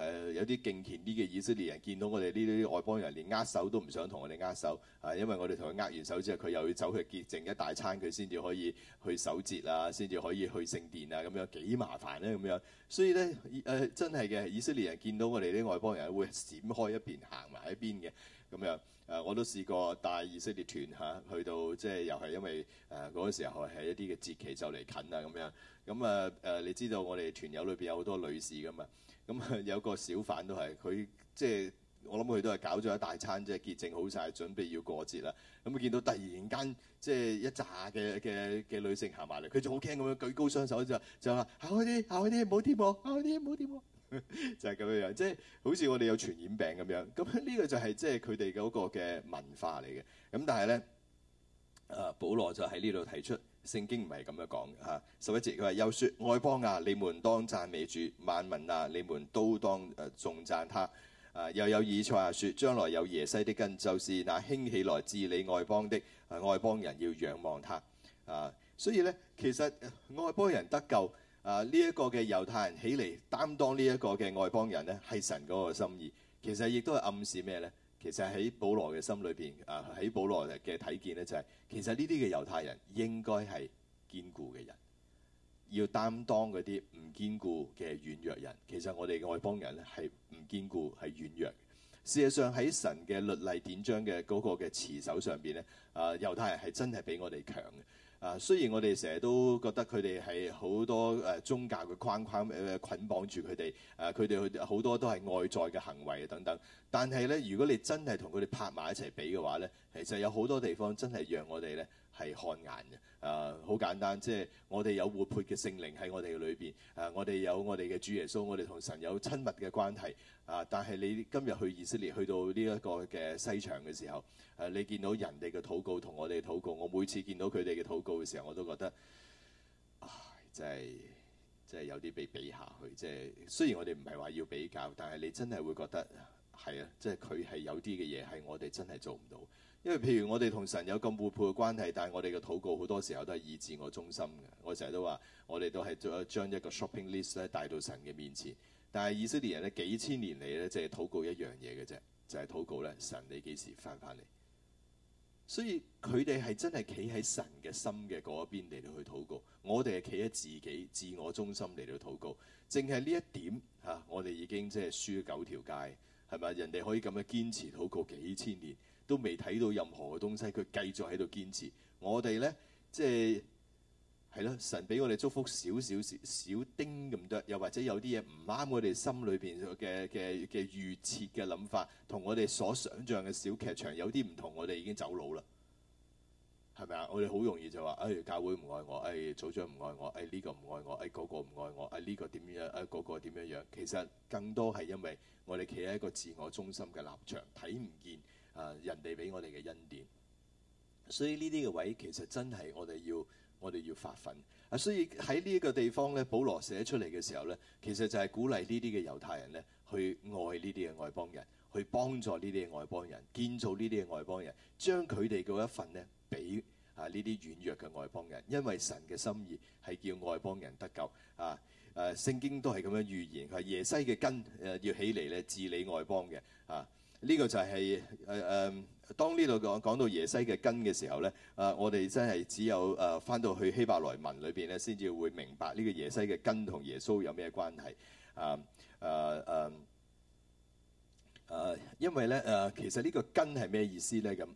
Speaker 1: 係有啲敬虔啲嘅以色列人見到我哋呢啲外邦人，連握手都唔想同我哋握手，啊，因為我哋同佢握完手之後，佢又要走去潔淨一大餐，佢先至可以去守節啊，先至可以去聖殿啊，咁樣幾麻煩咧咁樣，所以咧誒、呃、真係嘅，以色列人見到我哋啲外邦人會閃開一邊行埋一邊嘅咁樣。誒，我都試過帶以色列團嚇，去到即係又係因為誒嗰個時候係一啲嘅節期就嚟近啊咁樣，咁啊誒，你知道我哋團友裏邊有好多女士㗎嘛，咁、嗯、啊有個小販都係，佢即係我諗佢都係搞咗一大餐即係潔淨好晒，準備要過節啦。咁佢見到突然間即係、就是、一紮嘅嘅嘅女性行埋嚟，佢就好驚咁樣舉高雙手就就話：行開啲，行開啲，唔好添，行開啲，唔好添。 就係咁樣樣，即係好似我哋有傳染病咁樣，咁呢個就係即係佢哋嘅嗰個嘅文化嚟嘅。咁但係呢、啊，保羅就喺呢度提出聖經唔係咁樣講嘅嚇。十一節佢話：又説外邦啊，你們當讚美主；萬民啊，你們都當誒重、呃、讚他。啊，又有以賽亞説：將來有耶西的根，就是那興起來治理外邦的。啊，外邦人要仰望他。啊，所以呢，其實外、呃、邦人得救。啊！呢一個嘅猶太人起嚟擔當呢一個嘅外邦人呢係神嗰個心意。其實亦都係暗示咩呢？其實喺保羅嘅心裏邊，啊，喺保羅嘅睇見呢，就係、是、其實呢啲嘅猶太人應該係堅固嘅人，要擔當嗰啲唔堅固嘅軟弱人。其實我哋嘅外邦人咧係唔堅固係軟弱。事實上喺神嘅律例典章嘅嗰個嘅持守上邊咧，啊，猶太人係真係比我哋強嘅。啊，雖然我哋成日都覺得佢哋係好多誒、啊、宗教嘅框框誒、啊、捆綁住佢哋，誒佢哋好多都係外在嘅行為等等，但係咧，如果你真係同佢哋拍埋一齊比嘅話咧，其實有好多地方真係讓我哋咧，係汗顏嘅。啊，好簡單，即係我哋有活潑嘅聖靈喺我哋裏邊，啊我哋有我哋嘅主耶穌，我哋同神有親密嘅關係，啊但係你今日去以色列去到呢一個嘅西牆嘅時候，誒、啊、你見到人哋嘅禱告同我哋嘅禱告，我每次見到佢哋嘅禱告嘅時候，我都覺得，唉真係真係有啲被比下去，即係雖然我哋唔係話要比較，但係你真係會覺得係啊，即係佢係有啲嘅嘢係我哋真係做唔到。因為譬如我哋同神有咁活潑嘅關係，但係我哋嘅禱告好多時候都係以自我中心嘅。我成日都話，我哋都係將一個 shopping list 咧帶到神嘅面前。但係以色列人咧幾千年嚟咧，就係、即係、禱告一樣嘢嘅啫，就係禱告咧，神你幾時翻翻嚟？所以佢哋係真係企喺神嘅心嘅嗰邊嚟到去禱告，我哋係企喺自己自我中心嚟到禱告，淨係呢一點嚇、啊，我哋已經即係輸咗九條街。係咪？人哋可以咁樣堅持好過幾千年，都未睇到任何嘅東西，佢繼續喺度堅持。我哋呢，即係係咯，神俾我哋祝福少少少丁咁多，又或者有啲嘢唔啱我哋心裏邊嘅嘅嘅預設嘅諗法，同我哋所想像嘅小劇場有啲唔同，我哋已經走佬啦。係咪啊？我哋好容易就話：，誒、哎、教會唔愛我，誒、哎、組長唔愛我，誒、哎、呢、這個唔愛我，誒、哎、嗰個唔愛我，誒、哎、呢、這個點樣啊？誒嗰個點樣樣？其實更多係因為我哋企喺一個自我中心嘅立場，睇唔見啊人哋俾我哋嘅恩典，所以呢啲嘅位其實真係我哋要我哋要發奮啊。所以喺呢一個地方咧，保羅寫出嚟嘅時候咧，其實就係鼓勵呢啲嘅猶太人咧，去愛呢啲嘅外邦人，去幫助呢啲嘅外邦人，建造呢啲嘅外邦人，將佢哋嘅一份咧。俾啊呢啲軟弱嘅外邦人，因為神嘅心意係叫外邦人得救啊！誒聖經都係咁樣預言，係耶西嘅根誒要起嚟咧治理外邦嘅啊！呢個就係誒誒，當呢度講講到耶西嘅根嘅時候咧，誒我哋真係只有誒翻到去希伯來文裏邊咧，先至會明白呢個耶西嘅根同耶穌有咩關係啊啊啊啊！因為咧誒，其實呢個根係咩意思咧咁？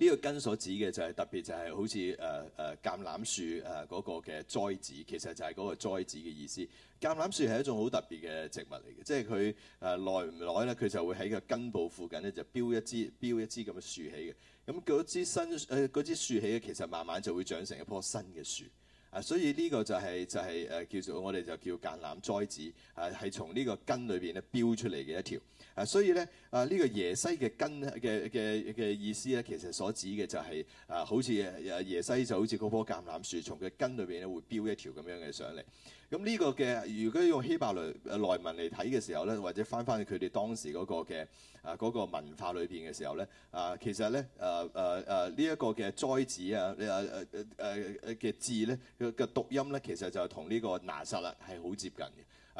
Speaker 1: 呢個根所指嘅就係、是、特別就係好似誒誒橄欖樹誒嗰、呃那個嘅栽子，其實就係嗰個栽子嘅意思。橄欖樹係一種好特別嘅植物嚟嘅，即係佢誒耐唔耐咧，佢、呃、就會喺個根部附近咧就飆一支飆一支咁嘅豎起嘅。咁嗰支新誒支豎起嘅，其實慢慢就會長成一棵新嘅樹。啊，所以呢個就係、是、就係、是、誒叫做我哋就叫橄欖栽子，係、啊、係從呢個根裏邊咧飆出嚟嘅一條。 啊，所以咧，啊呢個耶西嘅根嘅嘅嘅意思咧，其實所指嘅就係、是、啊，好似耶西就好似嗰棵橄欖樹，從佢根裏邊咧會標一條咁樣嘅上嚟。咁呢個嘅，如果用希伯來內文嚟睇嘅時候咧，或者翻翻去佢哋當時嗰、那個嘅啊嗰、那個、文化裏邊嘅時候咧，啊其實咧，啊啊啊呢一、這個嘅栽子啊啊啊啊嘅字咧嘅嘅讀音咧，其實就同呢個拿撒勒係好接近嘅。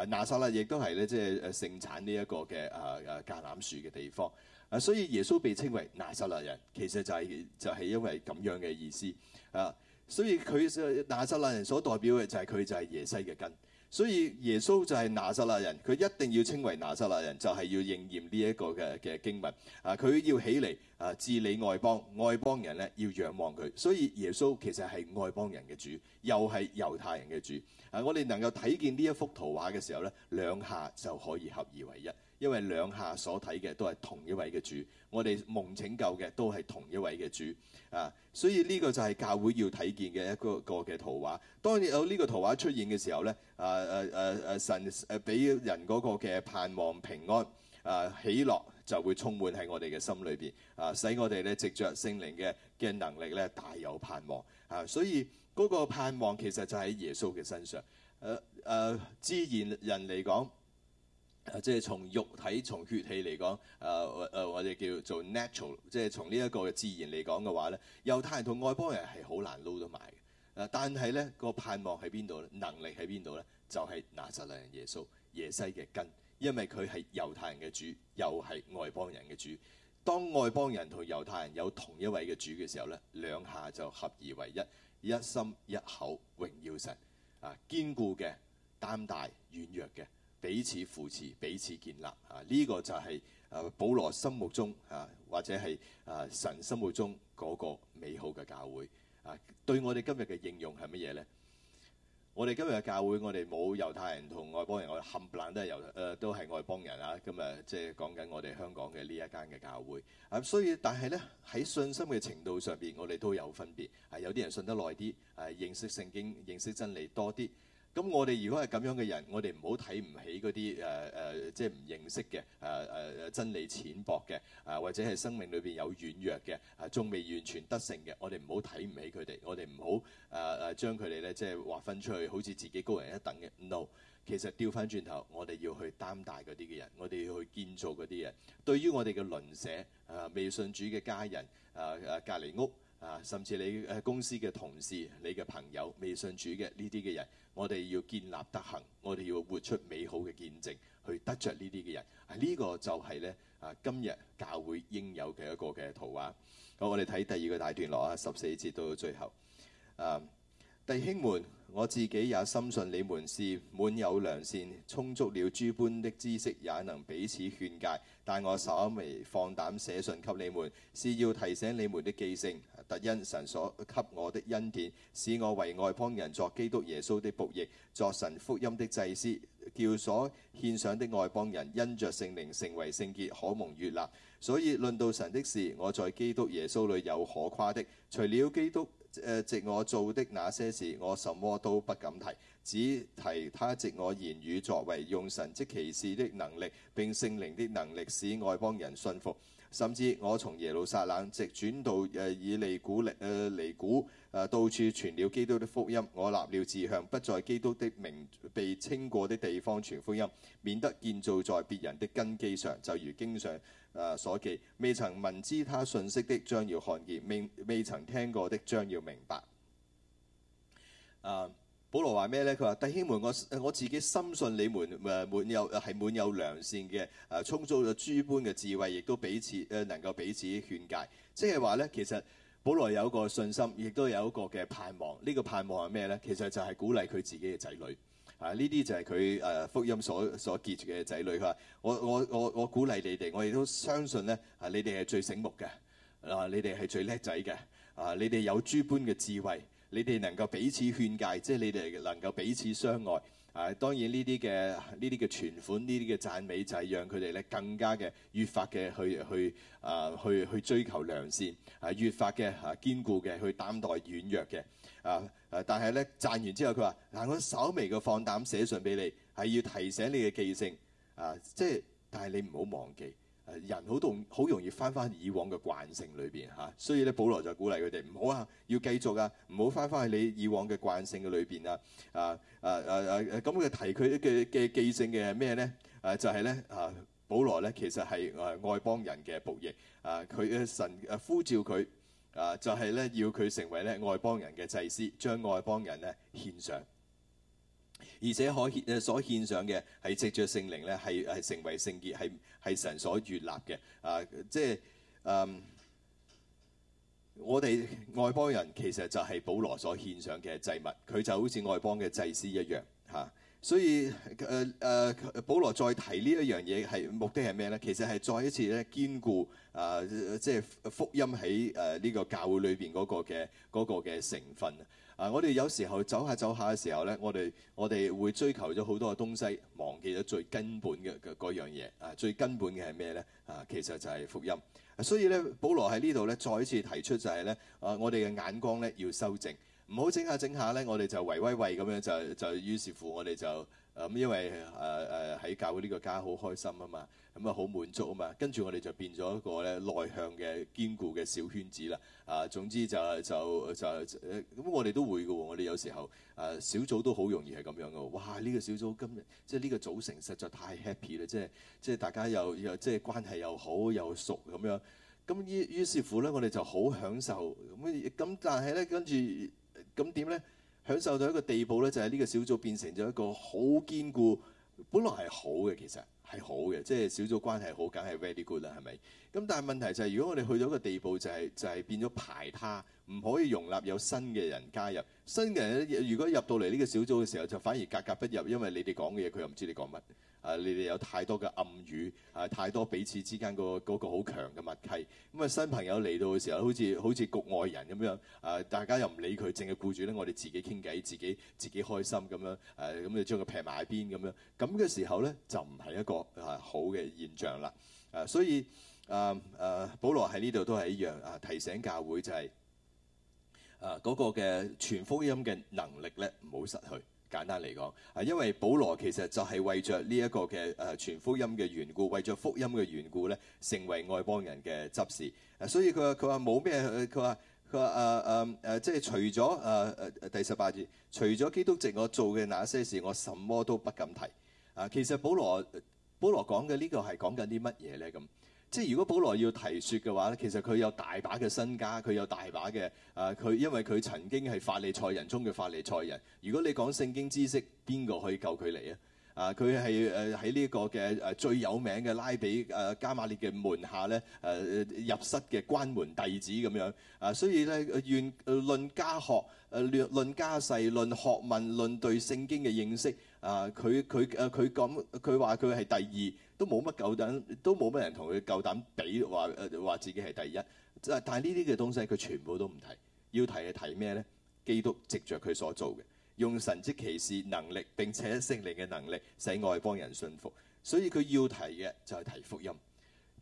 Speaker 1: 啊，拿撒勒亦都係咧，即係誒盛產呢一個嘅誒誒橄欖樹嘅地方。啊，所以耶穌被稱為拿撒勒人，其實就係就係因為咁樣嘅意思。啊，所以佢拿撒勒人所代表嘅就係佢就係耶西嘅根。所以耶穌就係拿撒勒人，佢一定要稱為拿撒勒人，就係要應驗呢一個嘅嘅經文。啊，佢要起嚟啊治理外邦，外邦人咧要仰望佢。所以耶穌其實係外邦人嘅主，又係猶太人嘅主。啊！我哋能夠睇見呢一幅圖畫嘅時候咧，兩下就可以合二為一，因為兩下所睇嘅都係同一位嘅主，我哋蒙拯救嘅都係同一位嘅主。啊，所以呢個就係教會要睇見嘅一個一個嘅圖畫。當有呢個圖畫出現嘅時候咧，啊啊啊啊神俾人嗰個嘅盼望、平安啊喜樂就會充滿喺我哋嘅心裡邊啊，使我哋咧藉著聖靈嘅嘅能力咧大有盼望啊，所以。嗰個盼望其實就喺耶穌嘅身上。誒、呃、誒、呃，自然人嚟講，即係從肉體、從血氣嚟講，誒、呃、誒、呃，我哋叫做 natural，即係從呢一個自然嚟講嘅話咧，猶太人同外邦人係好難撈到埋嘅。誒，但係咧個盼望喺邊度咧？能力喺邊度咧？就係拿撒勒人耶穌耶西嘅根，因為佢係猶太人嘅主，又係外邦人嘅主。當外邦人同猶太人有同一位嘅主嘅時候咧，兩下就合而為一。一心一口，榮耀神啊！堅固嘅擔大軟弱嘅，彼此扶持，彼此建立啊！呢、這個就係、是、誒、啊、保羅心目中啊，或者係誒、啊、神心目中嗰個美好嘅教會啊！對我哋今日嘅應用係乜嘢咧？我哋今日嘅教會，我哋冇猶太人同外邦人，我哋冚唪唥都係猶，誒都係外邦人啊！今日即係講緊我哋香港嘅呢一間嘅教會啊，所以但係咧，喺信心嘅程度上邊，我哋都有分別啊。有啲人信得耐啲，誒認識聖經、認識真理多啲。咁我哋如果係咁樣嘅人，我哋唔好睇唔起嗰啲誒誒，即係唔認識嘅，誒誒誒，真理淺薄嘅，誒、呃、或者係生命裏邊有軟弱嘅，誒、呃、仲未完全得勝嘅，我哋唔好睇唔起佢哋，我哋唔好誒誒將佢哋咧即係劃分出去，好似自己高人一等嘅。唔好，其實調翻轉頭，我哋要去擔戴嗰啲嘅人，我哋要去建造嗰啲人。對於我哋嘅鄰舍，誒、呃、未信主嘅家人，誒誒隔籬屋。啊！甚至你誒、啊、公司嘅同事、你嘅朋友、未信主嘅呢啲嘅人，我哋要建立德行，我哋要活出美好嘅見證，去得着呢啲嘅人。啊！呢、這個就係呢啊，今日教會應有嘅一個嘅圖畫。好，我哋睇第二個大段落啊，十四節到到最後啊，弟兄們，我自己也深信你們是滿有良善，充足了諸般的知識，也能彼此勸戒。但我稍微放膽寫信給你們，是要提醒你們的記性。特因神所給我的恩典，使我為外邦人作基督耶穌的僕役，作神福音的祭司，叫所獻上的外邦人因着聖靈成為聖潔，可蒙悅納。所以論到神的事，我在基督耶穌裏有可誇的；除了基督誒、呃、藉我做的那些事，我什麼都不敢提，只提他藉我言語作為，用神蹟奇事的能力，並聖靈的能力，使外邦人信服。甚至我從耶路撒冷直轉到誒，以利古力誒、尼古誒，呃、古到處傳了基督的福音。我立了志向，不在基督的名被稱過的地方傳福音，免得建造在別人的根基上。就如經上誒所記：未曾聞知他信息的將要看見，未未曾聽過的將要明白。誒、uh。保羅話咩咧？佢話弟兄們，我我自己深信你們誒滿、呃、有係滿有良善嘅，誒、呃、充足咗諸般嘅智慧，亦都彼此誒、呃、能夠彼此勸誡。即係話咧，其實保羅有一個信心，亦都有一個嘅盼望。呢、這個盼望係咩咧？其實就係鼓勵佢自己嘅仔女。啊，呢啲就係佢誒福音所所結嘅仔女。佢話我我我我鼓勵你哋，我亦都相信咧，啊你哋係最醒目嘅，啊你哋係最叻仔嘅，啊你哋有諸般嘅智慧。你哋能夠彼此勸戒，即係你哋能夠彼此相愛。啊，當然呢啲嘅呢啲嘅存款，呢啲嘅讚美就係讓佢哋咧更加嘅越發嘅去去啊去去追求良善，啊越發嘅啊堅固嘅去擔待軟弱嘅啊啊。但係咧讚完之後，佢話嗱，我稍微嘅放膽寫信俾你，係要提醒你嘅記性啊，即係但係你唔好忘記。人好動，好容易翻翻以往嘅慣性裏邊嚇，所以咧，保羅就鼓勵佢哋唔好啊，要繼續啊，唔好翻翻去你以往嘅慣性嘅裏邊啊啊啊啊啊！咁佢提佢嘅嘅記性嘅咩咧？誒就係咧啊，保羅咧其實係誒外邦人嘅僕役啊，佢神誒呼召佢啊，就係咧要佢成為咧外邦人嘅祭司，將外邦人咧獻上，而且可獻誒所獻上嘅係藉著聖靈咧，係係成為聖潔係。係神所預立嘅，啊，即係，嗯、啊，我哋外邦人其實就係保羅所獻上嘅祭物，佢就好似外邦嘅祭司一樣，嚇、啊，所以，誒、啊、誒、啊，保羅再提呢一樣嘢係目的係咩咧？其實係再一次咧堅固，啊，即係福音喺誒呢個教會裏邊嗰嘅嗰個嘅、那個、成分。啊！我哋有時候走下走下嘅時候咧，我哋我哋會追求咗好多嘅東西，忘記咗最根本嘅嘅嗰樣嘢。啊！最根本嘅係咩咧？啊，其實就係福音。啊，所以咧，保羅喺呢度咧，再一次提出就係咧，啊，我哋嘅眼光咧要修正，唔好整下整下咧，我哋就唯唯畏咁樣就就，就於是乎我哋就。咁因為誒誒喺教會呢個家好開心啊嘛，咁啊好滿足啊嘛，跟住我哋就變咗一個咧內向嘅堅固嘅小圈子啦。啊，總之就就就誒，咁我哋都會㗎喎。我哋有時候誒小組都好容易係咁樣㗎喎。哇！呢個小組今日即係呢個組成實在太 happy 啦，即係即係大家又又即係關係又好又熟咁樣。咁於於是乎咧，我哋就好享受咁。咁但係咧，跟住咁點咧？享受到一個地步咧，就係、是、呢個小組變成咗一個好堅固。本來係好嘅，其實係好嘅，即、就、係、是、小組關係好，梗係 very good 啦，係咪？咁但係問題就係、是，如果我哋去到一個地步，就係、是、就係、是、變咗排他。唔可以容納有新嘅人加入新嘅人。如果入到嚟呢個小組嘅時候，就反而格格不入，因為你哋講嘅嘢，佢又唔知你講乜啊！你哋有太多嘅暗語啊，太多彼此之間個嗰個好強嘅默契。咁啊，新朋友嚟到嘅時候，好似好似局外人咁樣啊，大家又唔理佢，淨係顧住咧，我哋自己傾偈，自己自己開心咁樣啊，咁就將佢劈埋一邊咁樣咁嘅時候呢，就唔係一個、啊、好嘅現象啦啊！所以啊啊，保羅喺呢度都係一樣啊，提醒教會就係、係。啊！嗰、那個嘅傳福音嘅能力咧，唔好失去。簡單嚟講，啊，因為保羅其實就係為着呢一個嘅誒傳福音嘅緣故，為着福音嘅緣故咧，成為外邦人嘅執事。啊，所以佢話佢話冇咩，佢話佢話誒誒誒，即係除咗誒誒第十八節，除咗基督藉我做嘅那些事，我什麼都不敢提。啊，其實保羅保羅講嘅呢個係講緊啲乜嘢咧？咁。即係如果保羅要提説嘅話咧，其實佢有大把嘅身家，佢有大把嘅誒，佢、啊、因為佢曾經係法利賽人中嘅法利賽人。如果你講聖經知識，邊個可以救佢嚟啊？啊，佢係誒喺呢個嘅誒最有名嘅拉比誒加馬列嘅門下咧誒、啊、入室嘅關門弟子咁樣啊，所以咧願論家學誒論家世、論學問、論對聖經嘅認識啊，佢佢誒佢咁佢話佢係第二。都冇乜夠膽，都冇乜人同佢夠膽比話誒話自己係第一。但係呢啲嘅東西，佢全部都唔提。要提係提咩咧？基督藉着佢所做嘅，用神蹟奇事能力並且聖靈嘅能力，使外邦人信服。所以佢要提嘅就係提福音。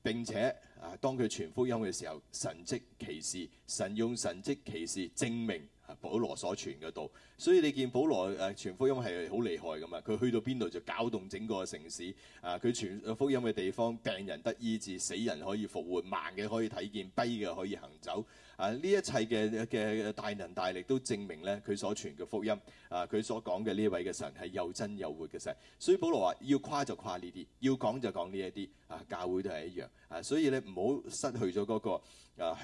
Speaker 1: 並且啊，當佢傳福音嘅時候，神蹟奇事，神用神蹟奇事證明。啊、保羅所傳嗰道，所以你見保羅誒、啊、傳福音係好厲害㗎嘛？佢去到邊度就搞動整個城市，啊佢傳福音嘅地方，病人得醫治，死人可以復活，盲嘅可以睇見，跛嘅可以行走，啊呢一切嘅嘅大能大力都證明咧，佢所傳嘅福音，啊佢所講嘅呢位嘅神係又真又活嘅神。所以保羅話：要誇就誇呢啲，要講就講呢一啲，啊教會都係一樣，啊所以咧唔好失去咗嗰、嗰個。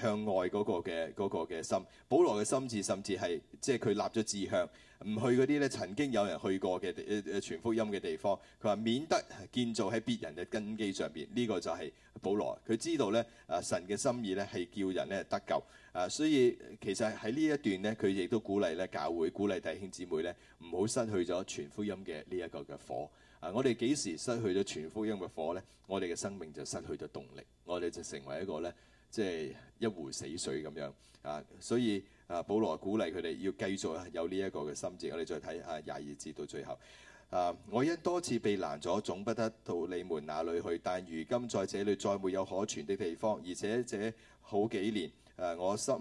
Speaker 1: 向外嗰個嘅嗰個嘅心，保羅嘅心志，甚至係即係佢立咗志向，唔去嗰啲咧曾經有人去過嘅誒傳福音嘅地方。佢話免得建造喺別人嘅根基上邊。呢、這個就係保羅，佢知道咧啊神嘅心意咧係叫人咧得救啊，所以其實喺呢一段呢佢亦都鼓勵咧教會，鼓勵弟兄姊妹咧唔好失去咗傳福音嘅呢一個嘅火啊！我哋幾時失去咗傳福音嘅火咧？我哋嘅生命就失去咗動力，我哋就成為一個咧。即係一湖死水咁樣啊，所以啊，保羅鼓勵佢哋要繼續有呢一個嘅心志。我哋再睇下廿二節到最後啊，我因多次被攔阻，總不得到你們那裡去。但如今在這裡再沒有可傳的地方，而且這好幾年誒、啊，我心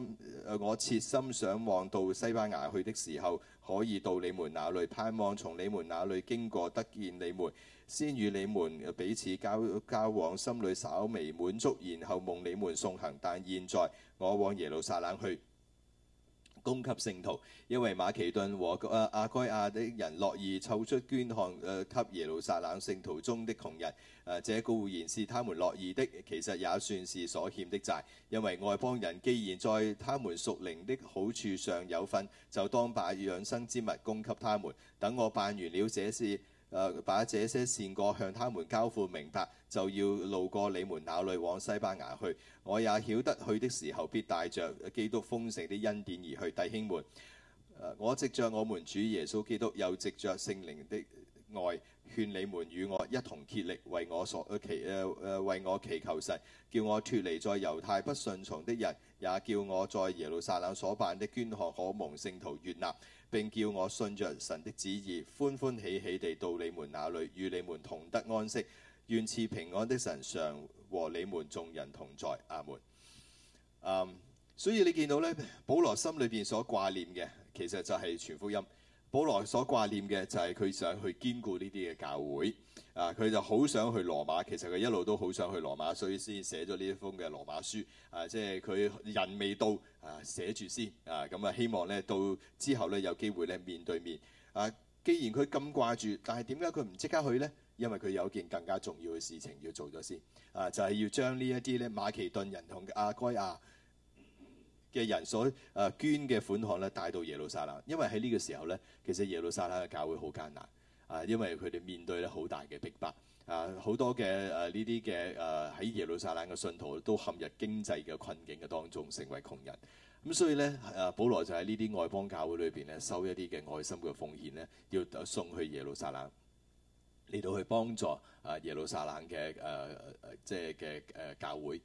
Speaker 1: 誒，我切心想望到西班牙去的時候，可以到你們那裡，盼望從你們那裡經過，得見你們。先與你們彼此交交往，心裏稍微滿足，然後蒙你們送行。但現在我往耶路撒冷去，供給聖徒，因為馬其頓和阿阿該亞的人樂意湊出捐項，誒、呃、給耶路撒冷聖徒中的窮人。誒、呃、這固然是他們樂意的，其實也算是所欠的債。因為外邦人既然在他們屬靈的好處上有份，就當把養生之物供給他們。等我辦完了這事。啊、把這些善果向他們交付明白，就要路過你們那裏往西班牙去。我也曉得去的時候必帶著基督豐盛的恩典而去，弟兄們。啊、我藉着我們主耶穌基督，又藉着聖靈的愛，勸你們與我一同竭力，為我所祈誒誒為我祈求神，叫我脫離在猶太不順從的人，也叫我在耶路撒冷所辦的捐學可，可蒙聖徒悅納。並叫我順着神的旨意，歡歡喜喜地到你們那裏，與你們同得安息。願賜平安的神常和你們眾人同在，阿門。Um, 所以你見到咧，保羅心裏邊所掛念嘅，其實就係全福音。保羅所掛念嘅就係佢想去堅固呢啲嘅教會。啊，佢就好想去羅馬，其實佢一路都好想去羅馬，所以先寫咗呢一封嘅羅馬書。啊，即係佢人未到，啊，寫住先。啊，咁啊希望呢，到之後呢，有機會呢，面對面。啊，既然佢咁掛住，但係點解佢唔即刻去呢？因為佢有一件更加重要嘅事情要做咗先。啊，就係、是、要將一呢一啲咧馬其頓人同亞該亞嘅人所啊捐嘅款項咧帶到耶路撒冷，因為喺呢個時候呢，其實耶路撒冷嘅教會好艱難。啊，因為佢哋面對咧好大嘅逼迫，啊好多嘅誒呢啲嘅誒喺耶路撒冷嘅信徒都陷入經濟嘅困境嘅當中，成為窮人。咁所以咧，誒保羅就喺呢啲外邦教會裏邊咧，收一啲嘅愛心嘅奉獻咧，要送去耶路撒冷，嚟到去幫助啊耶路撒冷嘅誒、呃、即係嘅誒教會。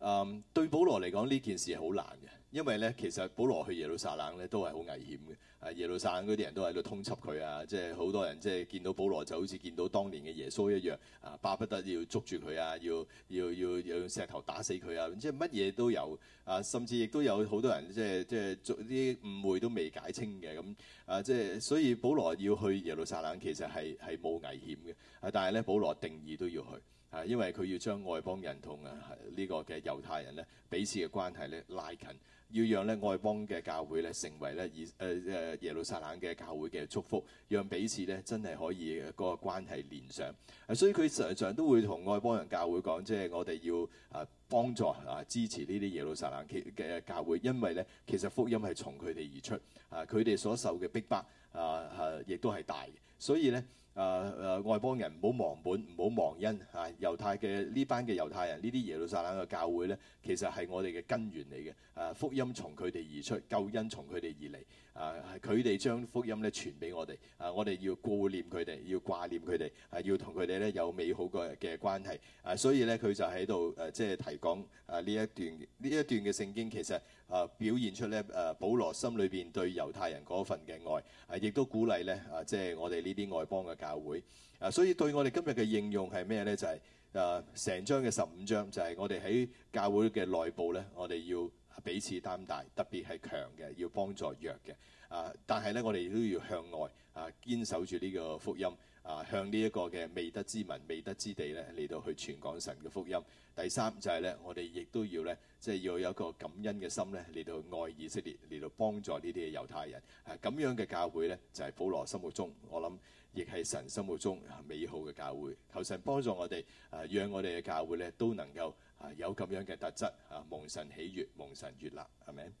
Speaker 1: 嗯，對保羅嚟講呢件、這個、事係好難嘅。因為咧，其實保羅去耶路撒冷咧都係好危險嘅。啊，耶路撒冷嗰啲人都喺度通緝佢啊，即係好多人即係見到保羅就好似見到當年嘅耶穌一樣啊，巴不得要捉住佢啊，要要要，要用石頭打死佢啊，即係乜嘢都有啊，甚至亦都有好多人即係即係啲誤會都未解清嘅咁啊，即係所以保羅要去耶路撒冷其實係係冇危險嘅啊，但係咧保羅定義都要去啊，因為佢要將外邦人同啊呢個嘅猶太人咧彼此嘅關係咧拉近。要讓咧外邦嘅教會咧成為咧耶誒誒耶路撒冷嘅教會嘅祝福，讓彼此咧真係可以個關係連上。所以佢常常都會同外邦人教會講，即係我哋要啊幫助啊支持呢啲耶路撒冷嘅教會，因為咧其實福音係從佢哋而出，啊佢哋所受嘅逼迫迫啊啊亦都係大，所以咧。誒誒、呃呃，外邦人唔好忘本，唔好忘恩嚇、啊。猶太嘅呢班嘅猶太人，呢啲耶路撒冷嘅教會咧，其實係我哋嘅根源嚟嘅。誒、啊，福音從佢哋而出，救恩從佢哋而嚟。啊，係佢哋將福音咧傳俾我哋，啊，我哋要顧念佢哋，要掛念佢哋，係要同佢哋咧有美好嘅嘅關係。啊，所以咧佢就喺度誒，即係提講啊呢一段呢一段嘅聖經其實啊表現出咧誒保羅心裏邊對猶太人嗰份嘅愛，啊亦都鼓勵咧啊即係我哋呢啲外邦嘅教會。啊，所以對我哋今日嘅應用係咩咧？就係誒成章嘅十五章，就係我哋喺教會嘅內部咧，我哋要，彼此擔帶，特別係強嘅要幫助弱嘅。啊，但係咧，我哋都要向外啊，堅守住呢個福音啊，向呢一個嘅未得之民、未得之地咧，嚟到去傳講神嘅福音。第三就係咧，我哋亦都要咧，即係要有一個感恩嘅心咧，嚟到愛以色列，嚟到幫助呢啲嘅猶太人。啊，咁樣嘅教會咧，就係保羅心目中，我諗亦係神心目中美好嘅教會。求神幫助我哋，啊，讓我哋嘅教會咧，都能夠。啊，有咁樣嘅特質啊，蒙神喜悅，蒙神悅納，係咪？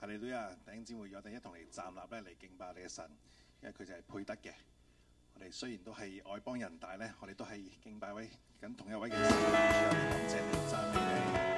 Speaker 1: 哈利堆啊，弟兄姊妹，定一同嚟站立咧，嚟敬拜你嘅神，因為佢就係配得嘅。我哋雖然都係外邦人大咧，我哋都係敬拜位緊同一位嘅主，感謝你，
Speaker 2: 你，讚美你。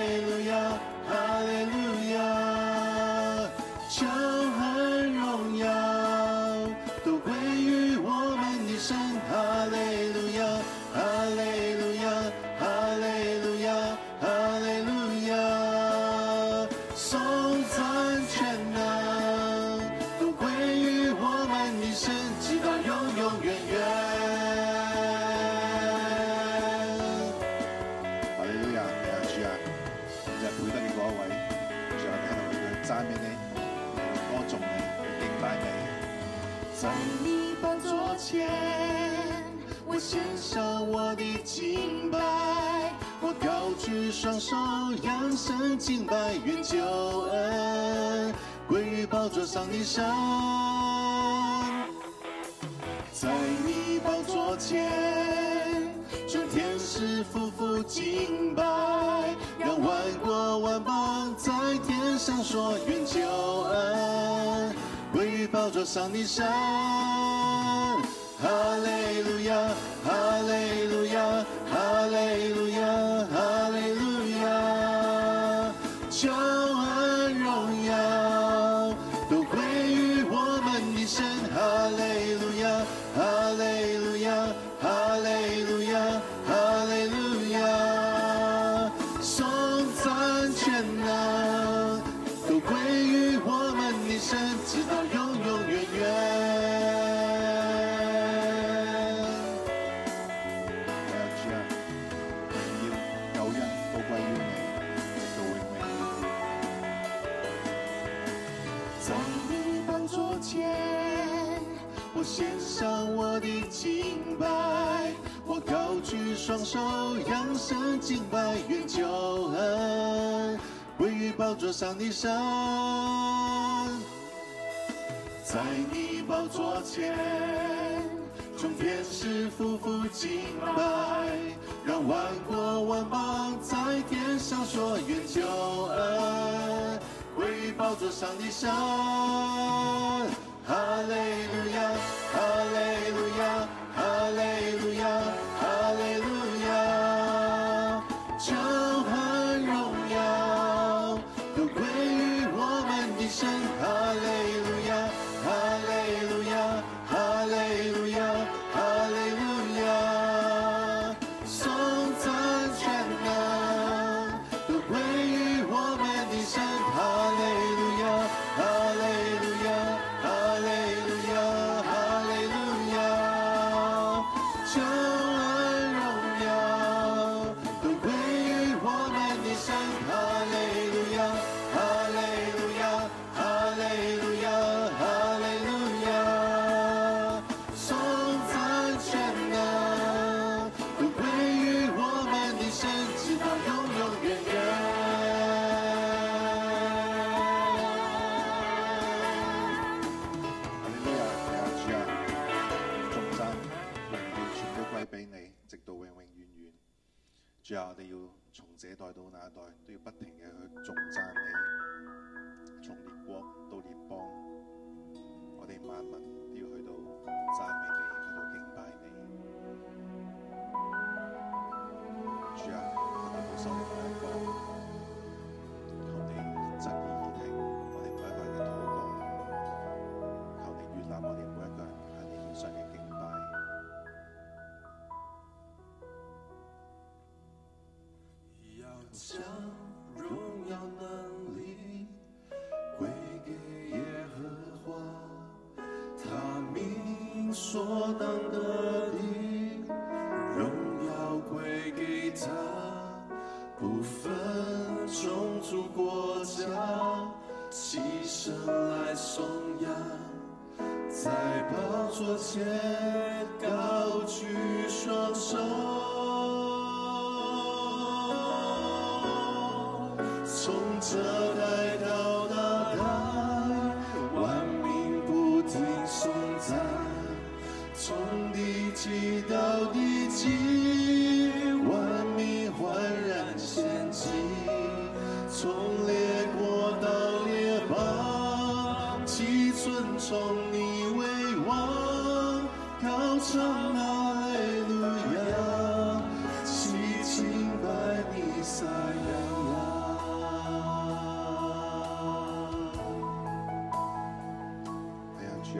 Speaker 3: 揚聲敬拜，願救恩歸於寶座上的神，在你寶座前，眾天使匍匐敬拜，讓萬國萬邦在天上說願救恩歸於寶座上的神，哈利路亞，哈利路亞。上的山，在你寶座前。我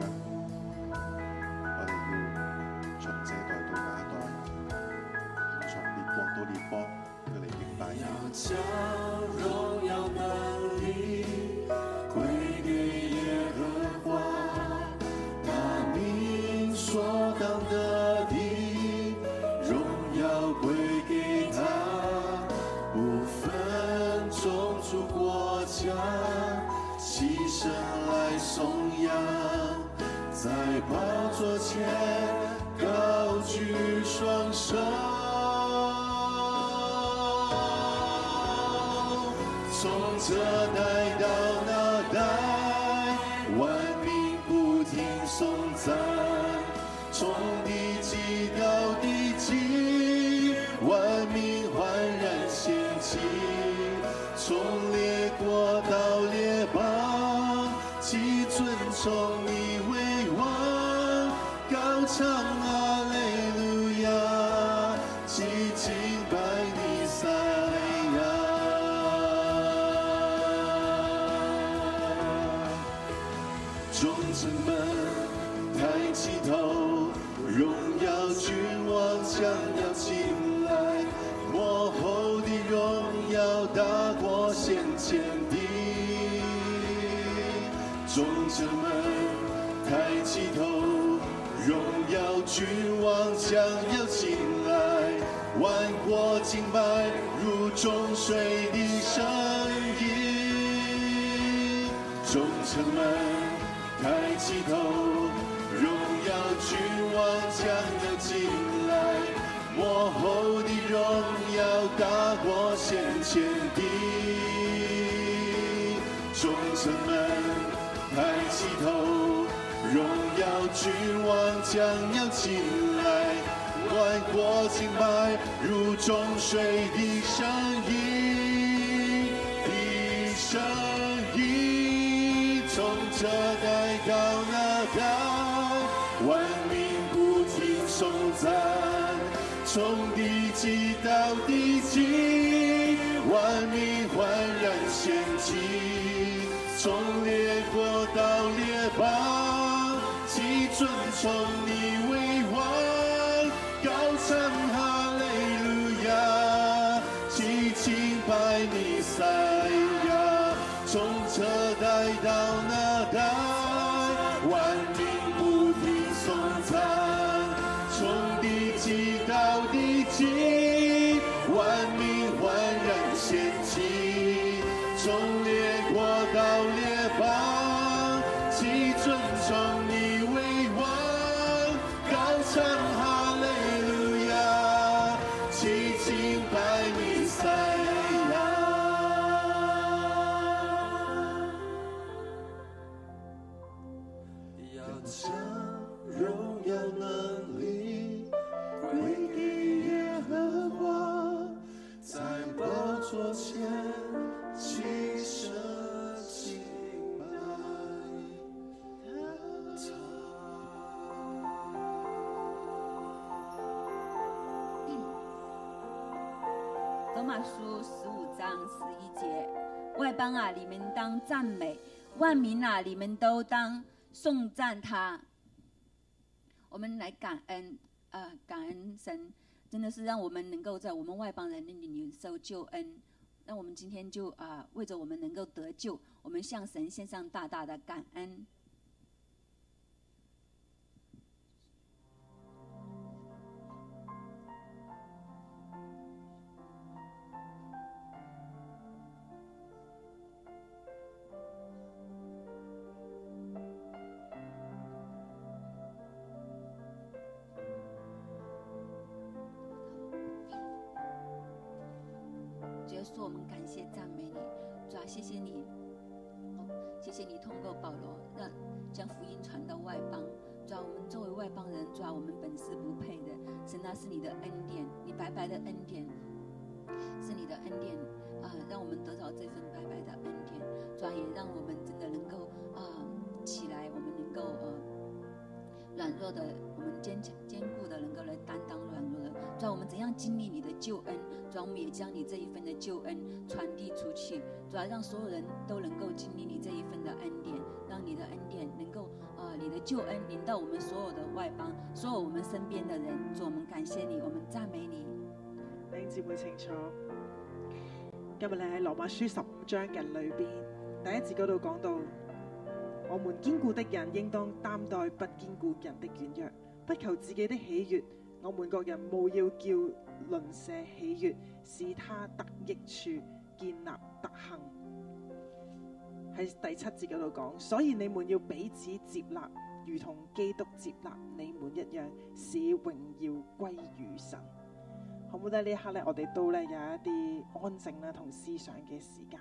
Speaker 3: 哋要從這代到那一代，從列邦到列邦，佢哋明白。我先天地，眾城門抬起頭，榮耀君王將要進來，萬國敬拜如眾水的聲音，聲音，從這代到那代，萬民不停頌讚，從地極到地極。
Speaker 4: 當讚美萬民呐、啊，你們都當頌讚他。我們來感恩啊、呃！感恩神，真的是讓我們能夠在我們外邦人那裏領受救恩。那我們今天就啊、呃，為着我們能夠得救，我們向神獻上大大的感恩。經歷你的救恩，主，我們也將你這一份的救恩傳遞出去，主要讓所有人都能夠經歷你這一份的恩典，讓你的恩典能夠啊、呃、你的救恩臨到我們所有的外邦，所有我們身邊的人，主，我們感謝你，我們讚美你。弟兄姊妹
Speaker 2: 清楚，今日你喺羅馬書十五章嘅裏邊，第一節嗰度講到：我們堅固的人，應當擔待不堅固人的軟弱，不求自己的喜悦。我們各人務要叫鄰舍喜悅，使他得益處，建立德行。喺第七節嗰度講，所以你們要彼此接納，如同基督接納你們一樣，使榮耀歸於神。好唔好咧？呢一刻呢，我哋都咧有一啲安靜咧同思想嘅時間。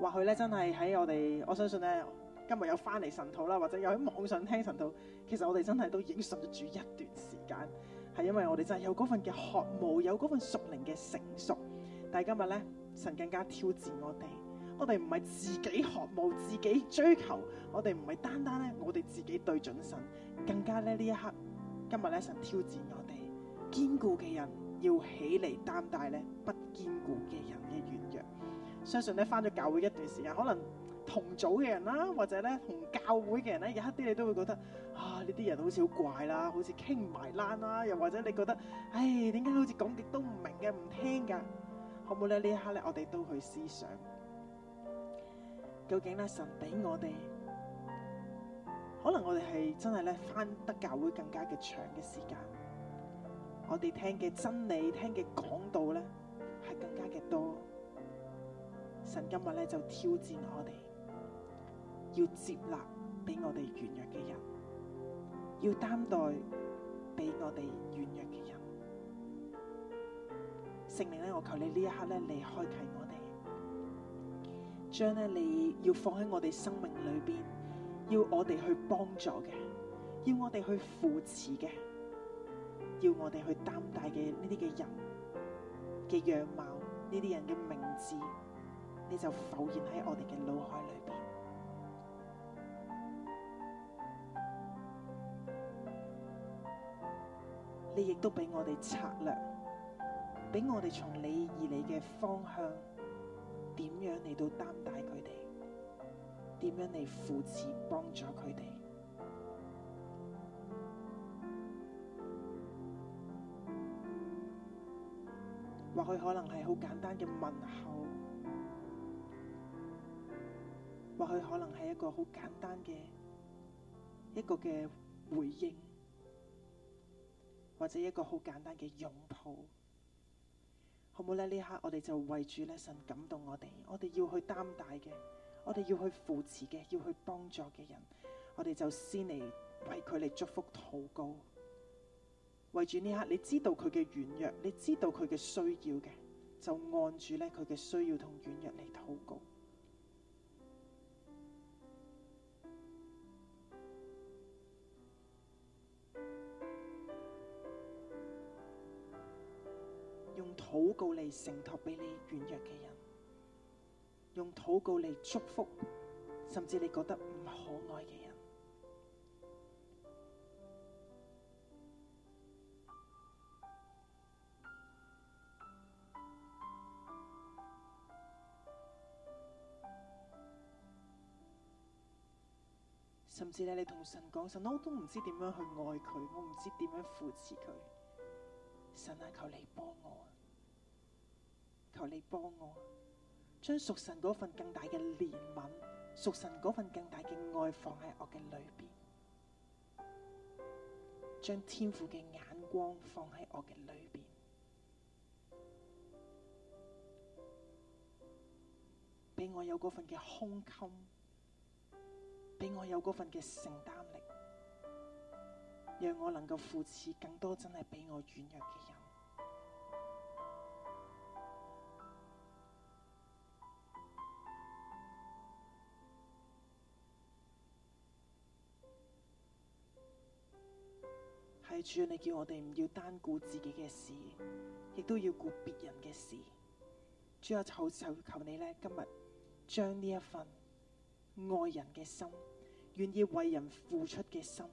Speaker 2: 或許呢，真係喺我哋，我相信呢，今日有翻嚟晨禱啦，或者有喺網上聽晨禱，其實我哋真係都已經信主一段時間。係因為我哋真係有嗰份嘅渴慕，有嗰份熟靈嘅成熟。但係今日咧，神更加挑戰我哋。我哋唔係自己渴慕，自己追求。我哋唔係單單咧，我哋自己對準神。更加咧呢一刻，今日咧神挑戰我哋。堅固嘅人要起嚟擔待咧不堅固嘅人嘅軟弱。相信咧返咗教會一段時間，可能。同組嘅人啦，或者咧同教會嘅人咧，有一啲你都會覺得啊，呢啲人好似好怪啦，好似傾埋欄啦，又或者你覺得，唉、哎，點解好似講極都唔明嘅，唔聽噶，可唔可以呢一刻咧，我哋都去思想，究竟咧神俾我哋，可能我哋係真係咧返得教會更加嘅長嘅時間，我哋聽嘅真理、聽嘅講道咧係更加嘅多，神今日咧就挑戰我哋。要接納俾我哋軟弱嘅人，要擔待俾我哋軟弱嘅人。聖靈咧，我求你呢一刻咧，你開啟我哋，將咧你要放喺我哋生命裏邊，要我哋去幫助嘅，要我哋去扶持嘅，要我哋去擔待嘅呢啲嘅人嘅樣貌，呢啲人嘅名字，你就浮現喺我哋嘅腦海裏邊。你亦都畀我哋策略，畀我哋從你而嚟嘅方向，點樣嚟到擔帶佢哋，點樣嚟扶持幫助佢哋。或許可能係好簡單嘅問候，或許可能係一個好簡單嘅一個嘅回應。或者一個好簡單嘅擁抱，好唔好呢？呢刻我哋就為住呢神感動我哋，我哋要去擔帶嘅，我哋要去扶持嘅，要去幫助嘅人，我哋就先嚟為佢哋祝福禱告。為住呢刻，你知道佢嘅軟弱，你知道佢嘅需要嘅，就按住呢佢嘅需要同軟弱嚟禱告。禱告嚟承托俾你軟弱嘅人，用禱告嚟祝福，甚至你覺得唔可愛嘅人，甚至係你同神講：神，我都唔知點樣去愛佢，我唔知點樣扶持佢。神啊，求你幫我。求你幫我，將屬神嗰份更大嘅憐憫、屬神嗰份更大嘅愛放喺我嘅裏邊，將天父嘅眼光放喺我嘅裏邊，俾我有嗰份嘅胸襟，俾我有嗰份嘅承擔力，讓我能夠扶持更多真係俾我軟弱嘅人。主啊，你叫我哋唔要單顧自己嘅事，亦都要顧別人嘅事。主啊，求求求你呢，今日將呢一份愛人嘅心，願意為人付出嘅心，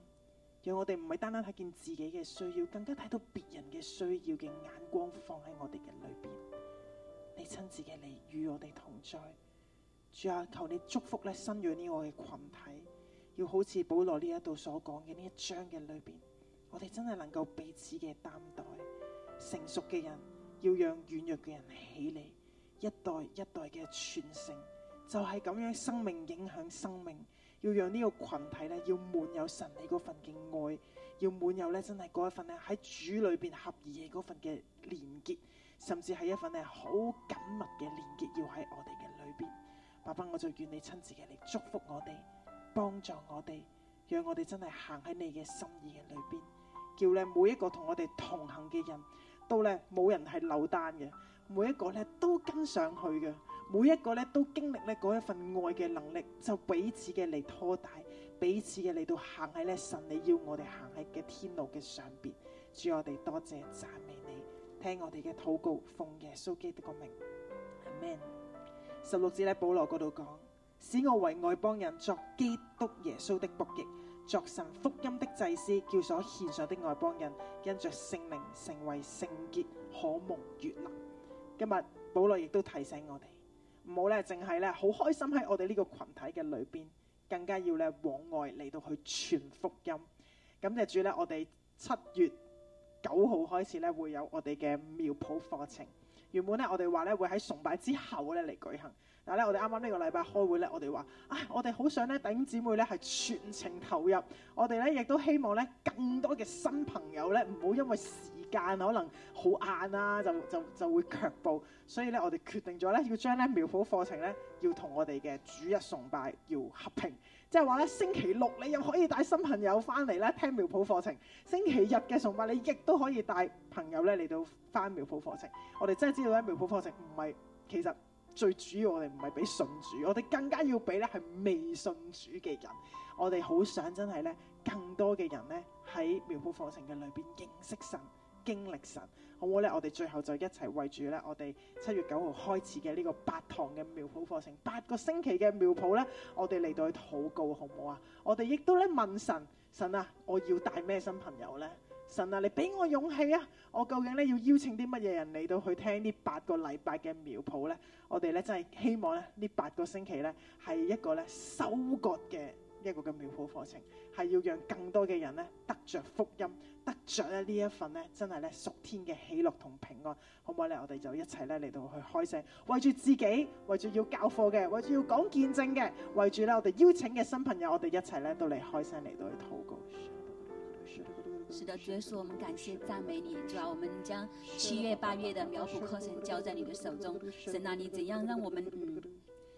Speaker 2: 讓我哋唔係單單睇見自己嘅需要，更加睇到別人嘅需要嘅眼光放喺我哋嘅裏邊。你親自嘅嚟與我哋同在。主啊，求你祝福咧新銳呢個嘅群體，要好似保羅呢一度所講嘅呢一章嘅裏邊。我哋真係能夠彼此嘅擔待，成熟嘅人要讓軟弱嘅人起嚟，一代一代嘅傳承，就係咁樣，生命影響生命，要讓呢個群體咧，要滿有神你嗰份嘅愛，要滿有咧真係嗰一份咧喺主裏邊合意嘅嗰份嘅連結，甚至係一份咧好緊密嘅連結，要喺我哋嘅裏邊。爸爸，我就願你親自嘅嚟祝福我哋，幫助我哋，讓我哋真係行喺你嘅心意嘅裏邊。叫咧每一個同我哋同行嘅人都咧冇人係留單嘅，每一個咧都跟上去嘅，每一個咧都經歷咧嗰一份愛嘅能力，就彼此嘅嚟拖帶，彼此嘅嚟到行喺咧神你要我哋行喺嘅天路嘅上邊，主我哋多謝讚美你，聽我哋嘅禱告，奉耶穌基督嘅名，amen。十六節咧保羅嗰度講，使我為外邦人作基督耶穌的僕役。作神福音的祭司，叫所獻上的外邦人因着聖靈成為聖潔，可蒙悅納。今日保羅亦都提醒我哋，唔好咧淨係咧好開心喺我哋呢個群體嘅裏邊，更加要咧往外嚟到去傳福音。咁就主咧，我哋七月九號開始咧會有我哋嘅苗圃課程。原本咧我哋話咧會喺崇拜之後咧嚟舉行。但係咧，我哋啱啱呢個禮拜開會咧，我哋話，唉，我哋好想咧，弟兄姊妹咧係全程投入。我哋咧亦都希望咧，更多嘅新朋友咧，唔好因為時間可能好晏啦，就就就會卻步。所以咧，我哋決定咗咧，要將咧苗圃課程咧，要同我哋嘅主日崇拜要合併。即係話咧，星期六你又可以帶新朋友翻嚟咧聽苗圃課程，星期日嘅崇拜你亦都可以帶朋友咧嚟到翻苗圃課程。我哋真係知道咧，苗圃課程唔係其實。最主要我哋唔係俾信主，我哋更加要俾咧係未信主嘅人。我哋好想真係咧，更多嘅人咧喺苗圃課程嘅裏邊認識神、經歷神，好唔好咧？我哋最後就一齊為住咧，我哋七月九號開始嘅呢個八堂嘅苗圃課程，八個星期嘅苗圃咧，我哋嚟到去禱告，好唔好啊？我哋亦都咧問神，神啊，我要帶咩新朋友咧？神啊，你俾我勇氣啊！我究竟咧要邀請啲乜嘢人嚟到去聽呢八個禮拜嘅苗圃呢？我哋咧真係希望咧呢八個星期咧係一個咧收割嘅一個嘅苗圃課程，係要讓更多嘅人咧得着福音，得着咧呢一份咧真係咧屬天嘅喜樂同平安，好唔好咧？我哋就一齊咧嚟到去開聲，為住自己，為住要教課嘅，為住要講見證嘅，為住咧我哋邀請嘅新朋友，我哋一齊咧都嚟開聲嚟到去禱告。
Speaker 4: 是的，主耶穌，我們感謝讚美你，主啊。我們將七月八月的苗圃課程交在你的手中，神啊，你怎樣讓我們嗯？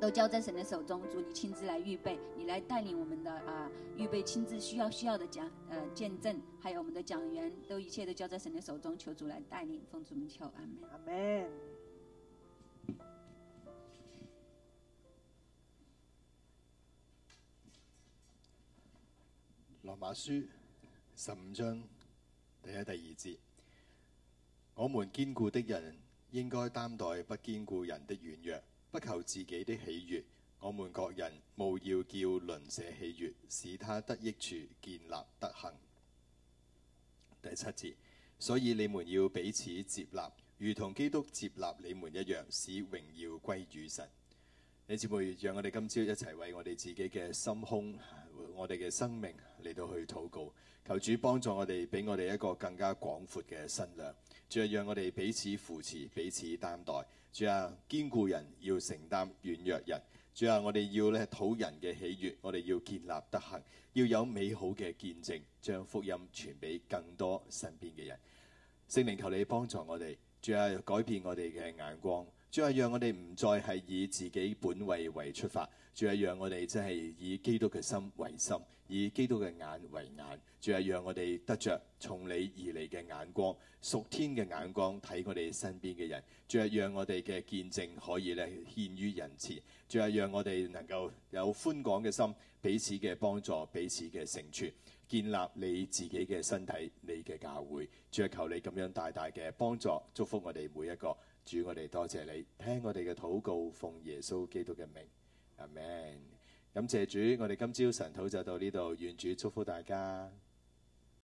Speaker 4: 都交在神的手中，主你親自來預備，你來帶領我們的啊、呃、預備親自需要需要的講，呃見證，還有我們的講員，都一切都交在神的手中，求主來帶領，奉主名求，阿門。阿門。
Speaker 1: 羅馬書十五章第一第二節，我們堅固的人應該擔待不堅固人的軟弱。不求自己的喜悅，我們各人務要叫鄰舍喜悅，使他得益處，建立德行。第七節，所以你們要彼此接納，如同基督接納你們一樣，使榮耀歸於神。弟兄姊妹，讓我哋今朝一齊為我哋自己嘅心胸、我哋嘅生命嚟到去禱告，求主幫助我哋，俾我哋一個更加廣闊嘅身量，仲係讓我哋彼此扶持、彼此擔待。主啊，堅固人要承擔軟弱人。主啊，我哋要咧討人嘅喜悅，我哋要建立德行，要有美好嘅見證，將福音傳俾更多身邊嘅人。聖靈，求你幫助我哋。主啊，改變我哋嘅眼光。主啊，讓我哋唔再係以自己本位為出發。主啊，讓我哋真係以基督嘅心為心。以基督嘅眼為眼，主啊，讓我哋得着從你而嚟嘅眼光，屬天嘅眼光睇我哋身邊嘅人，主啊，讓我哋嘅見證可以咧獻於人前，主啊，讓我哋能夠有寬廣嘅心，彼此嘅幫助，彼此嘅成全，建立你自己嘅身體，你嘅教會，主啊，求你咁樣大大嘅幫助，祝福我哋每一個，主，我哋多謝你，聽我哋嘅禱告，奉耶穌基督嘅名，阿們。感謝主，我哋今朝晨禱就到呢度，願主祝福大家。